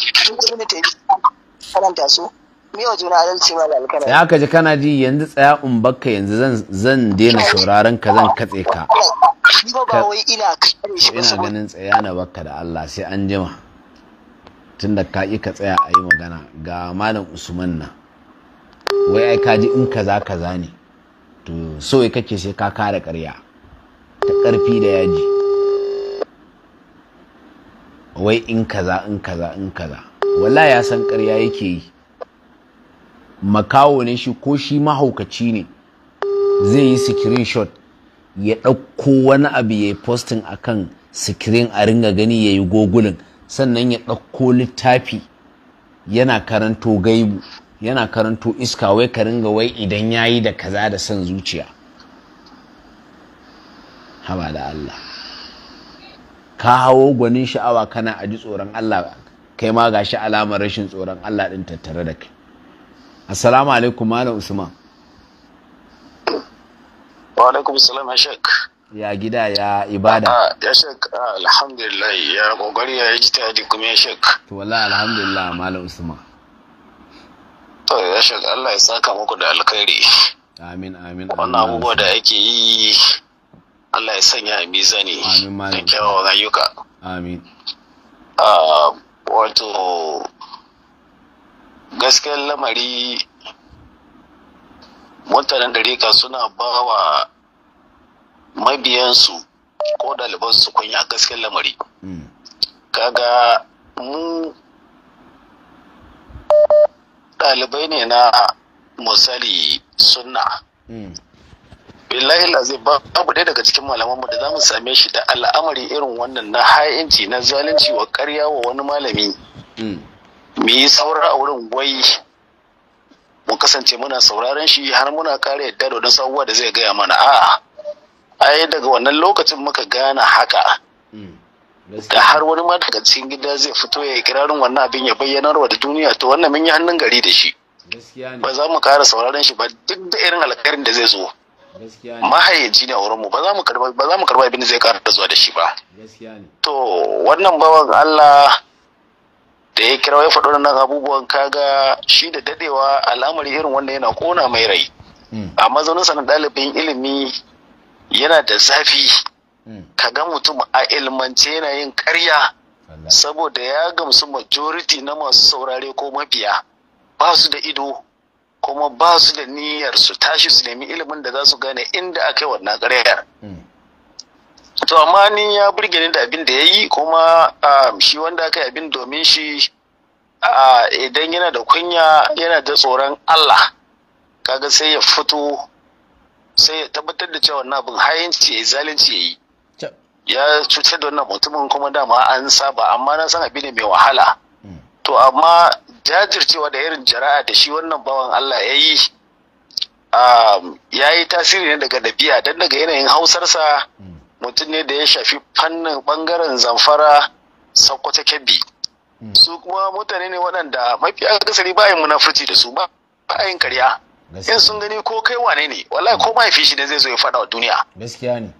karanta su juna adalci ma da tsaya ka ji kana ji yanzu tsaya in bakka yanzu zan zan daina sauraron ka zan katse ka ina ganin tsaya na baka da Allah sai an jima tunda ka ka tsaya a yi magana ga malam Usman nan wai ai kaji in kaza kaza ne to so kake sai ka kare ƙarya ta ƙarfi da yaji wai in kaza in kaza in kaza wala ya san karya yake yi makawo ne shi ko shi mahaukaci ne zai yi screenshot ya ɗauko wani abu ya yi posting kan screen a ringa gani ya yi gogulin sannan ya ɗauko littafi yana karanto gaibu yana karanto iska wai ka ringa wai idan ya yi da kaza da son zuciya haba da Allah ka hawo gwanin sha'awa kana aji tsoron Allah kai ma gashi alamar rashin tsoron Allah din tattare da kai assalamu alaikum malam usman wa alaikum salam shek ya gida ya ibada ah, ya shek ah, alhamdulillah ya kokari ya yi jita kuma ya shek to wallahi alhamdulillah malam usman To ya shiga Allah ya saka muku da alkhairi. Amin amin. Wannan abubuwa da ake yi Allah ya sanya a mizani da kyawawan ayyuka. Amin. Ah, wato gaskiyar lamari mutanen dariƙa suna ba wa mabiyansu ko su kunya gaskiyar lamari. Mm. Kaga mu ɗalibai ne na musali sunna hmm. billahi lazai babu ɗaya daga cikin malamanmu da za mu same shi da al'amari irin wannan na ha'inci na zalunci wa ƙarya wa wani malami hmm. mu yi saura a wurin wai mu kasance muna sauraron shi har muna kare yadda da wani sabuwa da zai gaya mana a'a ai daga wannan lokacin muka gane haka hmm. har wani ma daga cikin gida zai fito ya ikirarin wannan abin ya bayyanar wa da duniya to wannan mun yi hannun gari da shi ba za mu kara sauraron shi ba duk da irin alƙarin da zai zo mahayyaci ne a wurinmu ba za mu karba ba za abin da zai kara zuwa da shi ba to wannan bawan Allah da ya kira ya faɗo nan abubuwan kaga shi da dadewa al'amari irin wanda yana kona mai rai hmm. a mazaunin sanin ɗalibin ilimi yana da zafi ka ga mutum a ilmance yana yin karya saboda ya gamsu majority na masu saurare ko mafiya, ba su da ido kuma ba su da niyyar su tashi su nemi ilimin da za su gane inda aka yi wannan karyar hmm. to amma ni ya burge ni da abin da ya yi kuma um, shi wanda aka yi abin domin shi idan yana da kunya yana da tsoron Allah kaga sai ya fito sai ya tabbatar da cewa wannan abin hayanci ya yi zalunci ya yi ya cutar da wannan mutumin kuma dama an saba amma na san abin ne mai wahala hmm. to amma jajircewa da irin jara'a da shi wannan bawan Allah ya yi um, ya yi tasiri ne daga dabi'a don daga yanayin hausarsa hmm. mutum ne da ya shafi fannin bangaren zamfara sakkwata kebbi hmm. su kuma mutane ne waɗanda mafi akasari bayan munafurci da su ba yin karya in sun gani ko kai wane ne wallahi ko mahaifi shi ne zai zo ya faɗa wa duniya gaskiya ne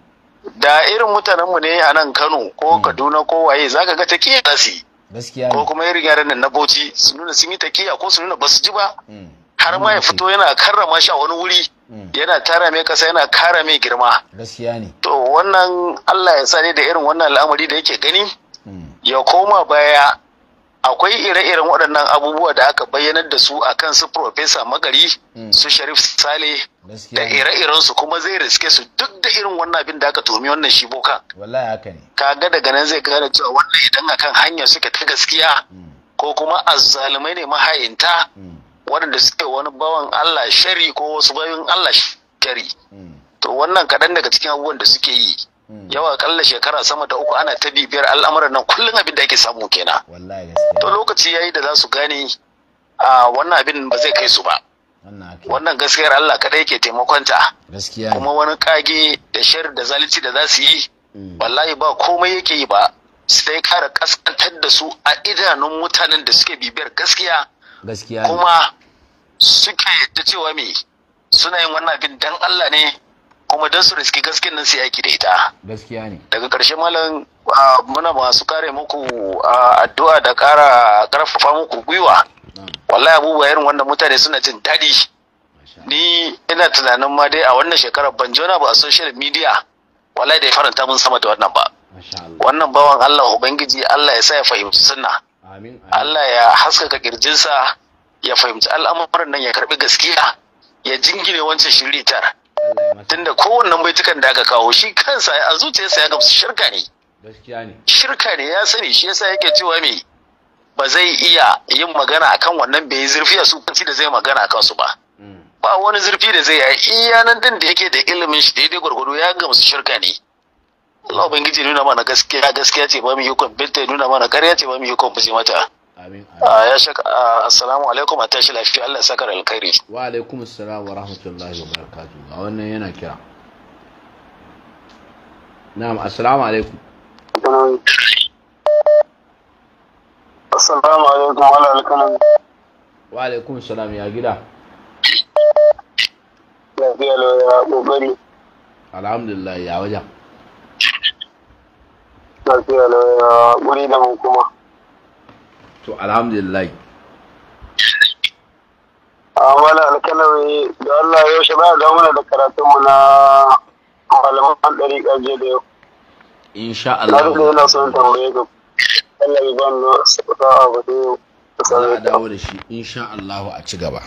da irin mutanenmu ne a nan kano ko hmm. kaduna ko waye zaka ga ta za ko kuma irin yaran nan na bauchi su nuna sun yi ta taƙiya ko su nuna ba su ji ba hmm. har ma ya fito yana karrama shi a wani wuri hmm. yana tara mai kasa yana kara mai girma gaskiya ne to wannan Allah ya sa ne da irin wannan al'amari da yake gani ya koma baya akwai ire-iren waɗannan abubuwa da aka bayyanar da su a kan su Profesa Magari, hmm. su Sharif Sale, da ire-irensu kuma zai riske su duk da irin wannan abin da aka tomi wannan shi bokan. Ka ga daga nan zai gane cewa wannan idan akan hanya suke ta gaskiya hmm. ko kuma azzalumai ne maha'inta, hmm. waɗanda suke wani bawan Allah shari ko wasu bayan Allah shari. To wannan kaɗan daga cikin abubuwan da suke yi. Mm. Yawa kalla shekara sama da uku ana ta bibiyar al'amuran nan kullum abin da ake samu kenan to lokaci yayi da za su gane a wannan abin ba zai kai su ba wannan gaskiyar Allah kadai ke taimakonta kuma wani kage da shar da zalunci da za su yi mm. wallahi ba komai yake yi ba sai kara kaskantar da su a idanun mutanen da suke bibiyar gaskiya kuma suke da cewa me suna yin wannan abin dan Allah ne kuma don su riski gaskin nan sai aiki da ita gaskiya ne daga ƙarshe malam muna masu kare muku addu'a da ƙara ƙarfafa muku gwiwa wallahi abubuwa irin wanda mutane suna jin daɗi ni ina tunanin ma dai a wannan shekarar ban jona ba a social media wallahi da ya faranta mun sama da wannan ba wannan bawan Allah ubangiji Allah ya sa ya fahimci sunna Allah ya haskaka kirjinsa ya fahimci al'amuran nan ya karbi gaskiya ya jingine wancan shiritar tunda kowannen baitukan da aka kawo shi kansa a zuciyarsa ya gamsu shirka ne shirka ne ya sani shi yasa yake cewa me ba zai iya yin magana akan wannan bai zurfi a sukanci da zai magana akan su ba mm. ba wani zurfi da zai yi iya nan din da yake da ilimin shi daidai gwargwado ya gamsu shirka ne Allah ubangiji nuna mana gaskiya gaskiya ce ba mu yi kwamfilta nuna mana ƙarya ce ba mu yi kwamfilta mata amin ah, ya shaka ah, assalamu alaikum a tashi lafiya Allah sakar alkhairi wa alaikum assalam wa rahmatullahi wa barakatuh a wannan yana kira na'am assalamu alaikum assalamu alaikum wa alaikum wa alaikum salam ya gida lafiya lo ya kokari alhamdulillah ya wajen lafiya lo ya guri da mu kuma to alhamdulillah amala alkalawi da Allah yau shi ba da mana da karatun mu na malaman dari kaje da yau insha Allah na ina son tambaye ku Allah ya ban no sabata abu da yau za a dawo da shi insha Allah a ci gaba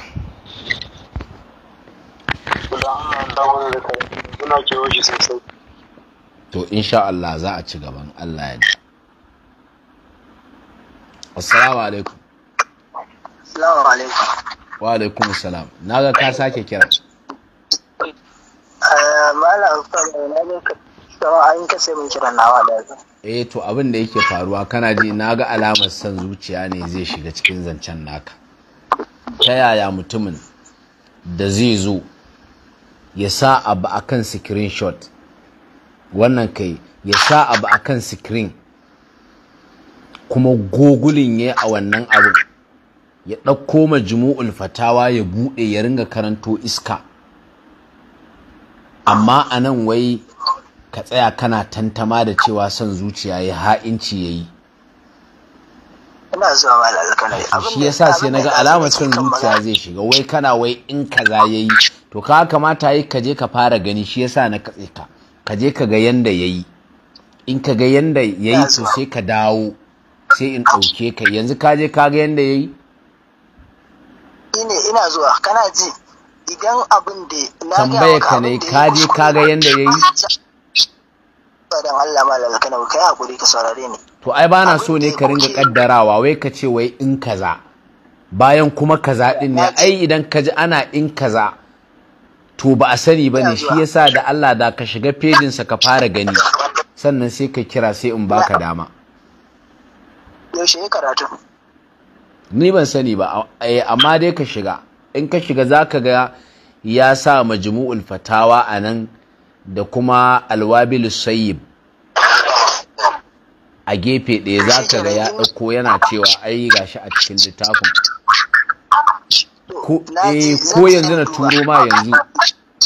to insha Allah za a ci gaban Allah ya da assalamu alaikum assalamu alaikum wa alaikum assalam na ga ka sake kira eh, malam na ga ka an kashe min kiran nawa da eh to abin da yake faruwa kana ji na ga alamar son zuciya ne zai shiga cikin zancen naka ta yaya mutumin da zai zo ya sa abu akan screenshot wannan kai ya sa abu akan screen kuma gogulin ya a wannan abin ya ɗauko majmu'ul fatawa ya buɗe ya ringa karanto iska amma a nan wai ka tsaya kana tantama da cewa son zuciya ya ha'inci ya yi shi ya sa sai naga alamar son zuciya zai shiga wai kana wai in kaza ya yi to ka kamata yi ka je ka fara gani shi ya sa na katse ka ka je ka ga yanda ya yi in ka ga yanda ya yi to ka dawo sai in ɗauke ka yanzu ka je kaga yadda ya yi? Ine ina zuwa kana ji idan abin da na tambaya ka ne ka je kaga yadda ya yi? Badan Allah malala kana ka yi hakuri ka saurare ni. To ai ba na so ne ka ringa kaddarawa wai ka ce wai in kaza bayan kuma kaza din ne ai idan ka ji ana in kaza to ba a sani ba ne shi yasa da Allah da ka shiga fejinsa ka fara gani sannan sai ka kira sai in baka dama. yaushe ya karatu ni ban sani ba eh, amma dai ka shiga in ka shiga za ka ga ya sa majmu'ul fatawa a nan da kuma alwabil sayyib a gefe ɗaya za ka ga ya ɗauko yana cewa ai gashi a cikin littafin eh, ko yanzu na turo ma yanzu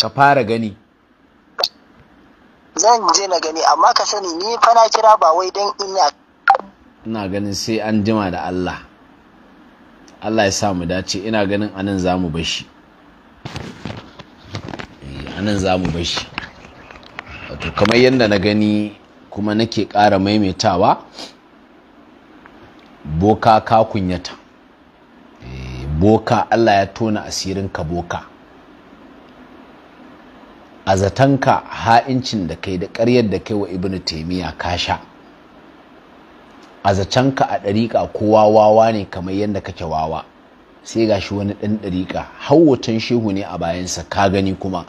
ka fara gani zan je na gani amma ka sani ni fa na kira ba wai don ina ina ganin sai an jima da Allah Allah ya sa mu dace ina ganin anan za mu bashi eh, anan za mu bashi wato kamar yadda na gani kuma nake ƙara maimaitawa boka ka kunyata eh, boka Allah ya tona asirinka boka a zatanka ha'incin da kai da ƙaryar da kai wa ibnu taimiyya ka sha a ka a ɗariƙa kowa wawa ne kamar yadda kake wawa sai ga shi wani ɗan ɗariƙa hawwatan shehu ne a bayansa ka gani kuma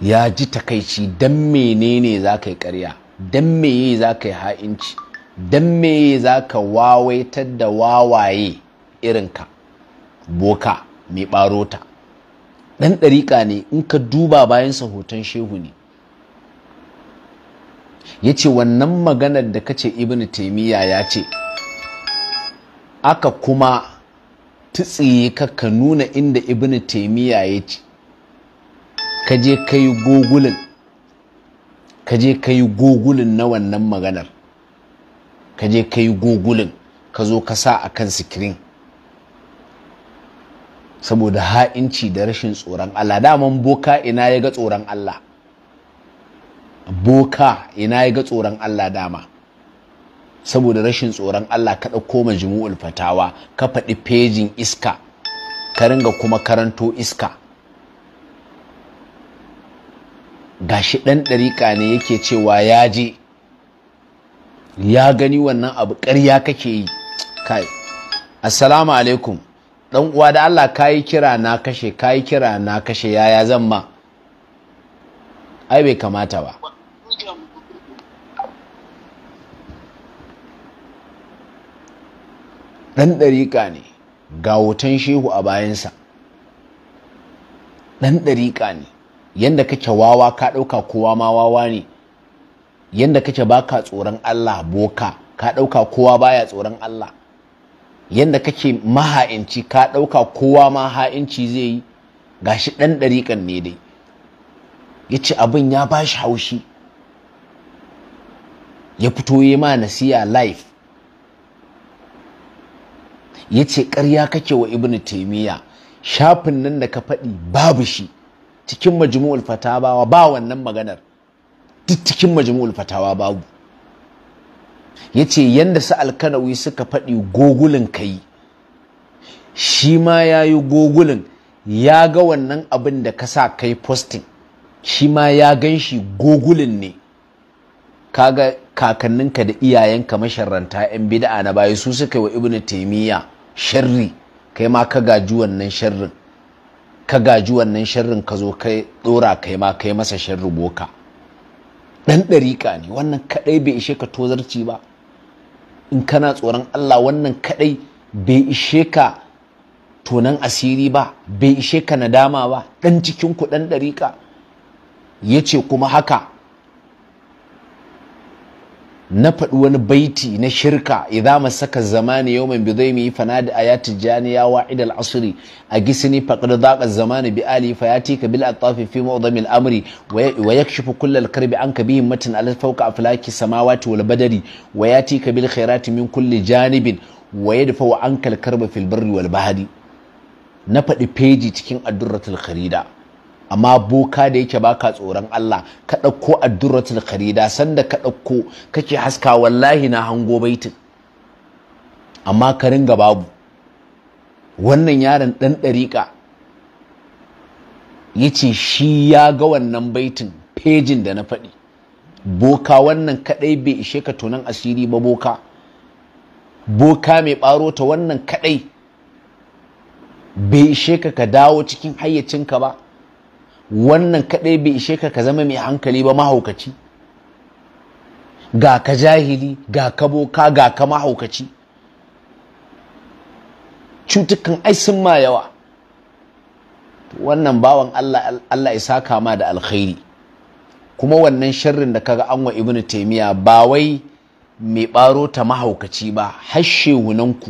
ya ji takaici dan menene za ka yi ƙarya dan meye za ka yi ha'inci dan meye za ka wawaitar da wawaye irinka boka mai ɓarota ɗan ɗariƙa ne in ka duba bayansa hoton shehu ne ya ce wannan maganar da kace ibn taimiyya ya ce aka kuma tutsiye ka ka nuna inda ibn taimiyya ya ce ka je ka yi gogulin ka je ka yi gogulin na wannan maganar ka je ka yi gogulin ka zo ka sa a kan sikirin saboda ha'inci da rashin tsoron Allah daman boka ina ya ga tsoron Allah boka ina ya ga tsoron Allah dama saboda rashin tsoron Allah ka ɗauko majmu'ul fatawa ka faɗi fejin iska ka ringa kuma karanto iska gashi ɗan ɗariƙa ne yake cewa ya je ya gani wannan abu ƙarya kake yi kai assalamu alaikum ɗan uwa da Allah ka yi kira na kashe ka yi kira na kashe yaya zan ma ai bai kamata ba ɗan ɗariƙa ne ga hoton shehu a bayansa ɗan ɗariƙa ne yanda kake wawa ka ɗauka kowa ma wawa ne yanda kake baka tsoron Allah boka ka ɗauka kowa baya tsoron Allah yanda kake maha'inci ka ɗauka kowa ma ha'inci zai yi gashi ɗan ɗariƙan ne dai ya ce abin ya ba shi haushi ya fito ya ma nasiya life yace ce ƙarya kake wa ibnu taimiyya shafin nan da ka faɗi babu shi cikin majmu'ul fatawa ba wannan maganar duk cikin majmu'ul fatawa babu yace yanda su alkanawi suka faɗi gogulin ka yi shi ma ya yi gogulin ya ga wannan abin da ka sa kai postin shi ma ya gan shi gogulin ne kaga kakanninka da iyayenka masharranta 'yan bida'a na baya su suka yi wa ibnu taimiyya sharri kai ma ka gaji wannan sharrin ka gaji wannan sharrin ka zo kai dora kai ma kai masa sharri boka dan dariƙa ne wannan kadai bai ishe ka tozarci ba in kana tsoron Allah wannan kadai bai ishe ka tonan asiri ba bai ishe ka nadama ba dan cikin ku dan ɗariƙa ya kuma haka na faɗi wani baiti na shirka idza masaka zamani yawman bidaimi fanadi ayati janiya wa idal asri agisni faqad daqa zamani bi ali fayatika bil atafi fi mu'dami al amri wa yakshifu kull al karbi anka bi himmatin al fawqa aflaki samawati wal badari wa yatika bil khairati min kulli janibin wa yadfa anka al karba fil barri wal bahri na faɗi peji cikin addurratul kharida amma boka da yake baka tsoron Allah ka ɗauko addurratul kharida sanda ka ɗauko kake haska wallahi na hango baitin amma ka ringa babu wannan yaron ɗan ɗariƙa ya ce shi ya ga wannan baitin fejin da na faɗi boka wannan kaɗai bai ishe ka tunan asiri ba boka boka mai ɓaro ta wannan kaɗai bai ishe ka ka dawo cikin hayyacinka ba wannan kaɗai bai ishe ka zama mai hankali ba mahaukaci ga ka jahili ga ka boka ga ka mahaukaci cutukan ai sun ma yawa wannan bawan Allah Allah ya saka ma da alkhairi kuma wannan sharrin da kaga anwa ibnu taymiya ba wai mai baro ta mahaukaci ba hashe hunanku.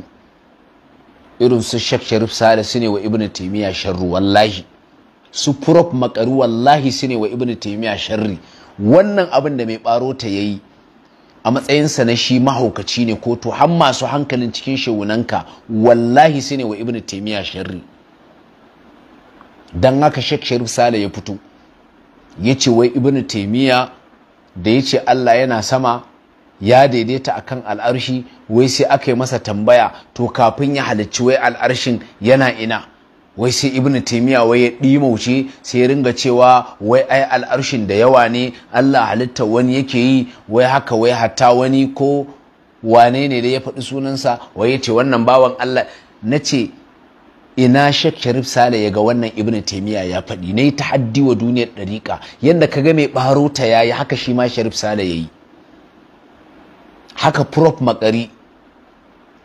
irin su shek sharif sale su ne wa ibnu taymiya sharru wallahi su prof makaru wallahi su ne wa ibn taimiya sharri wannan abin da mai baro ta ya yi a matsayinsa na shi mahaukaci ne ko to har masu hankalin cikin shewunanka wallahi su ne wa ibn taimiya sharri don haka shek sharif sale ya fito ya ce wai ibn taimiya da ya ce allah yana sama ya daidaita akan al'arshi wai sai aka yi masa tambaya to kafin ya halarci wai al'arshin yana ina wai sai ibnu taimiya wai ya ɗimauce sai ya ringa cewa wai ai al'arshin da yawa ne allah halitta wani yake yi wai haka wai hatta wani ko wane ne da ya faɗi sunansa wai ya ce wannan bawan allah na ce ina shek sharif sale ya ga wannan ibnu taimiya ya faɗi na yi haddi wa duniyar ɗariƙa yadda ka ga mai ɓaro ta yayi haka shi ma sharif sale ya yi haka prof makari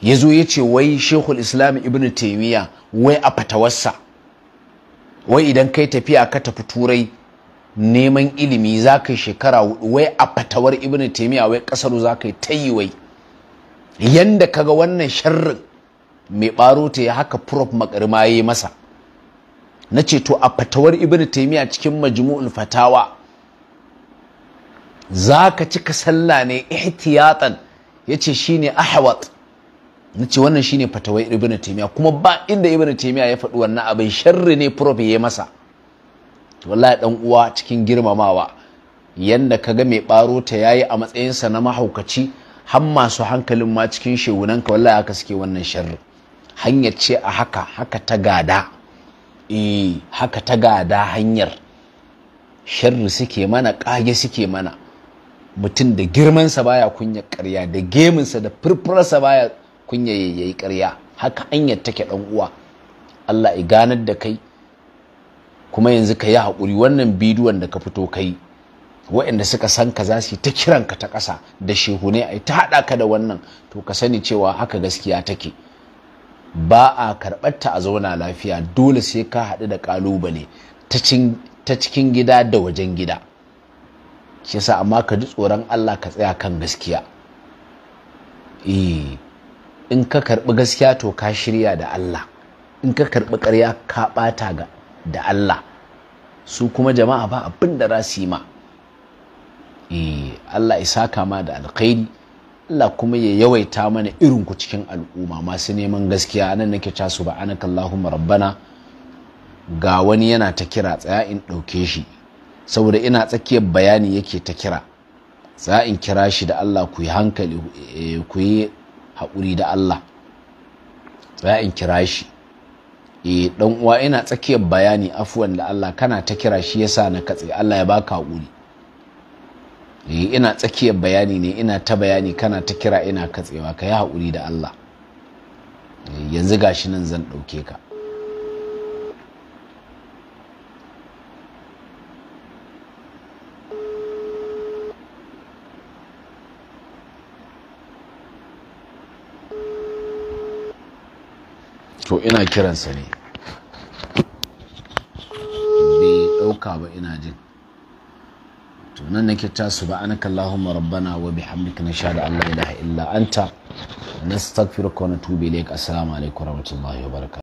ya zo ya ce wai shehul islam ibn taimiyya wai a fatawarsa wai idan kai tafiya ka tafi turai neman ilimi za ka yi shekara hudu wai a fatawar ibn taimiyya wai kasaru za ka yi ta yi wai yanda kaga wannan sharrin mai baro ta ya haka prof makarma ya yi masa na ce to a fatawar ibn taimiyya cikin majmu'ul fatawa za ka cika sallah ne ihtiyatan ya ce shine ahwat na ce wannan shine fatawai ibn taymiya kuma ba inda ibn taymiya ya faɗi wannan abin sharri ne prof ya masa wallahi dan uwa cikin girmamawa yanda kaga mai baro ta yayi a matsayin sa na mahaukaci har masu hankalin ma cikin shehunan ka wallahi haka suke wannan sharri hanyar ce a haka haka ta gada eh haka ta gada hanyar sharri suke mana kage suke mana mutum da girmansa baya kunya ƙarya da geminsa da furfurarsa baya kunya yi ƙarya haka hanyar take ɗan uwa Allah ya ganar da kai kuma yanzu ka yi haƙuri wannan bidiyon da ka fito kai wa'inda suka san ka za su yi ta kiranka ta ƙasa da shehu ne. a ta haɗa ka da wannan to ka sani cewa haka gaskiya take ba a karɓar ta a zauna lafiya dole sai ka haɗu da ƙalubale ta cikin gida da wajen gida shi yasa amma ka ji tsoron Allah ka tsaya kan gaskiya eh in ka karɓi gaskiya to ka shirya da Allah in ka karɓi ƙarya ka ɓata ga da Allah su kuma jama'a ba abin da za su yi ma eh, Allah isa kama da alkhairi Allah kuma ya yawaita mana irin ku cikin al'umma masu neman gaskiya nan nake ba anaka allahumma rabbana ga wani yana ta kira tsaya in ɗauke shi saboda ina tsakiyar bayani yake ta kira za in kira shi da Allah ku yi hankali eh, ku yi haƙuri da Allah za in kira shi e eh, dan uwa ina tsakiyar bayani afuwan da Allah kana ta kira shi yasa na katse Allah ya baka haƙuri e ina tsakiyar bayani ne ina ta bayani kana ta kira ina katsewa ka yi haƙuri da Allah eh, yanzu gashi nan zan ɗauke ka to ina kiransa ne bai ɗauka ba ina jin to nan nake tasu ba anaka Allahumma rabbana wa bihamdika nashhadu an la ilaha illa anta nastaghfiruka wa natubu ilayk assalamu alaikum wa rahmatullahi wa barakatuh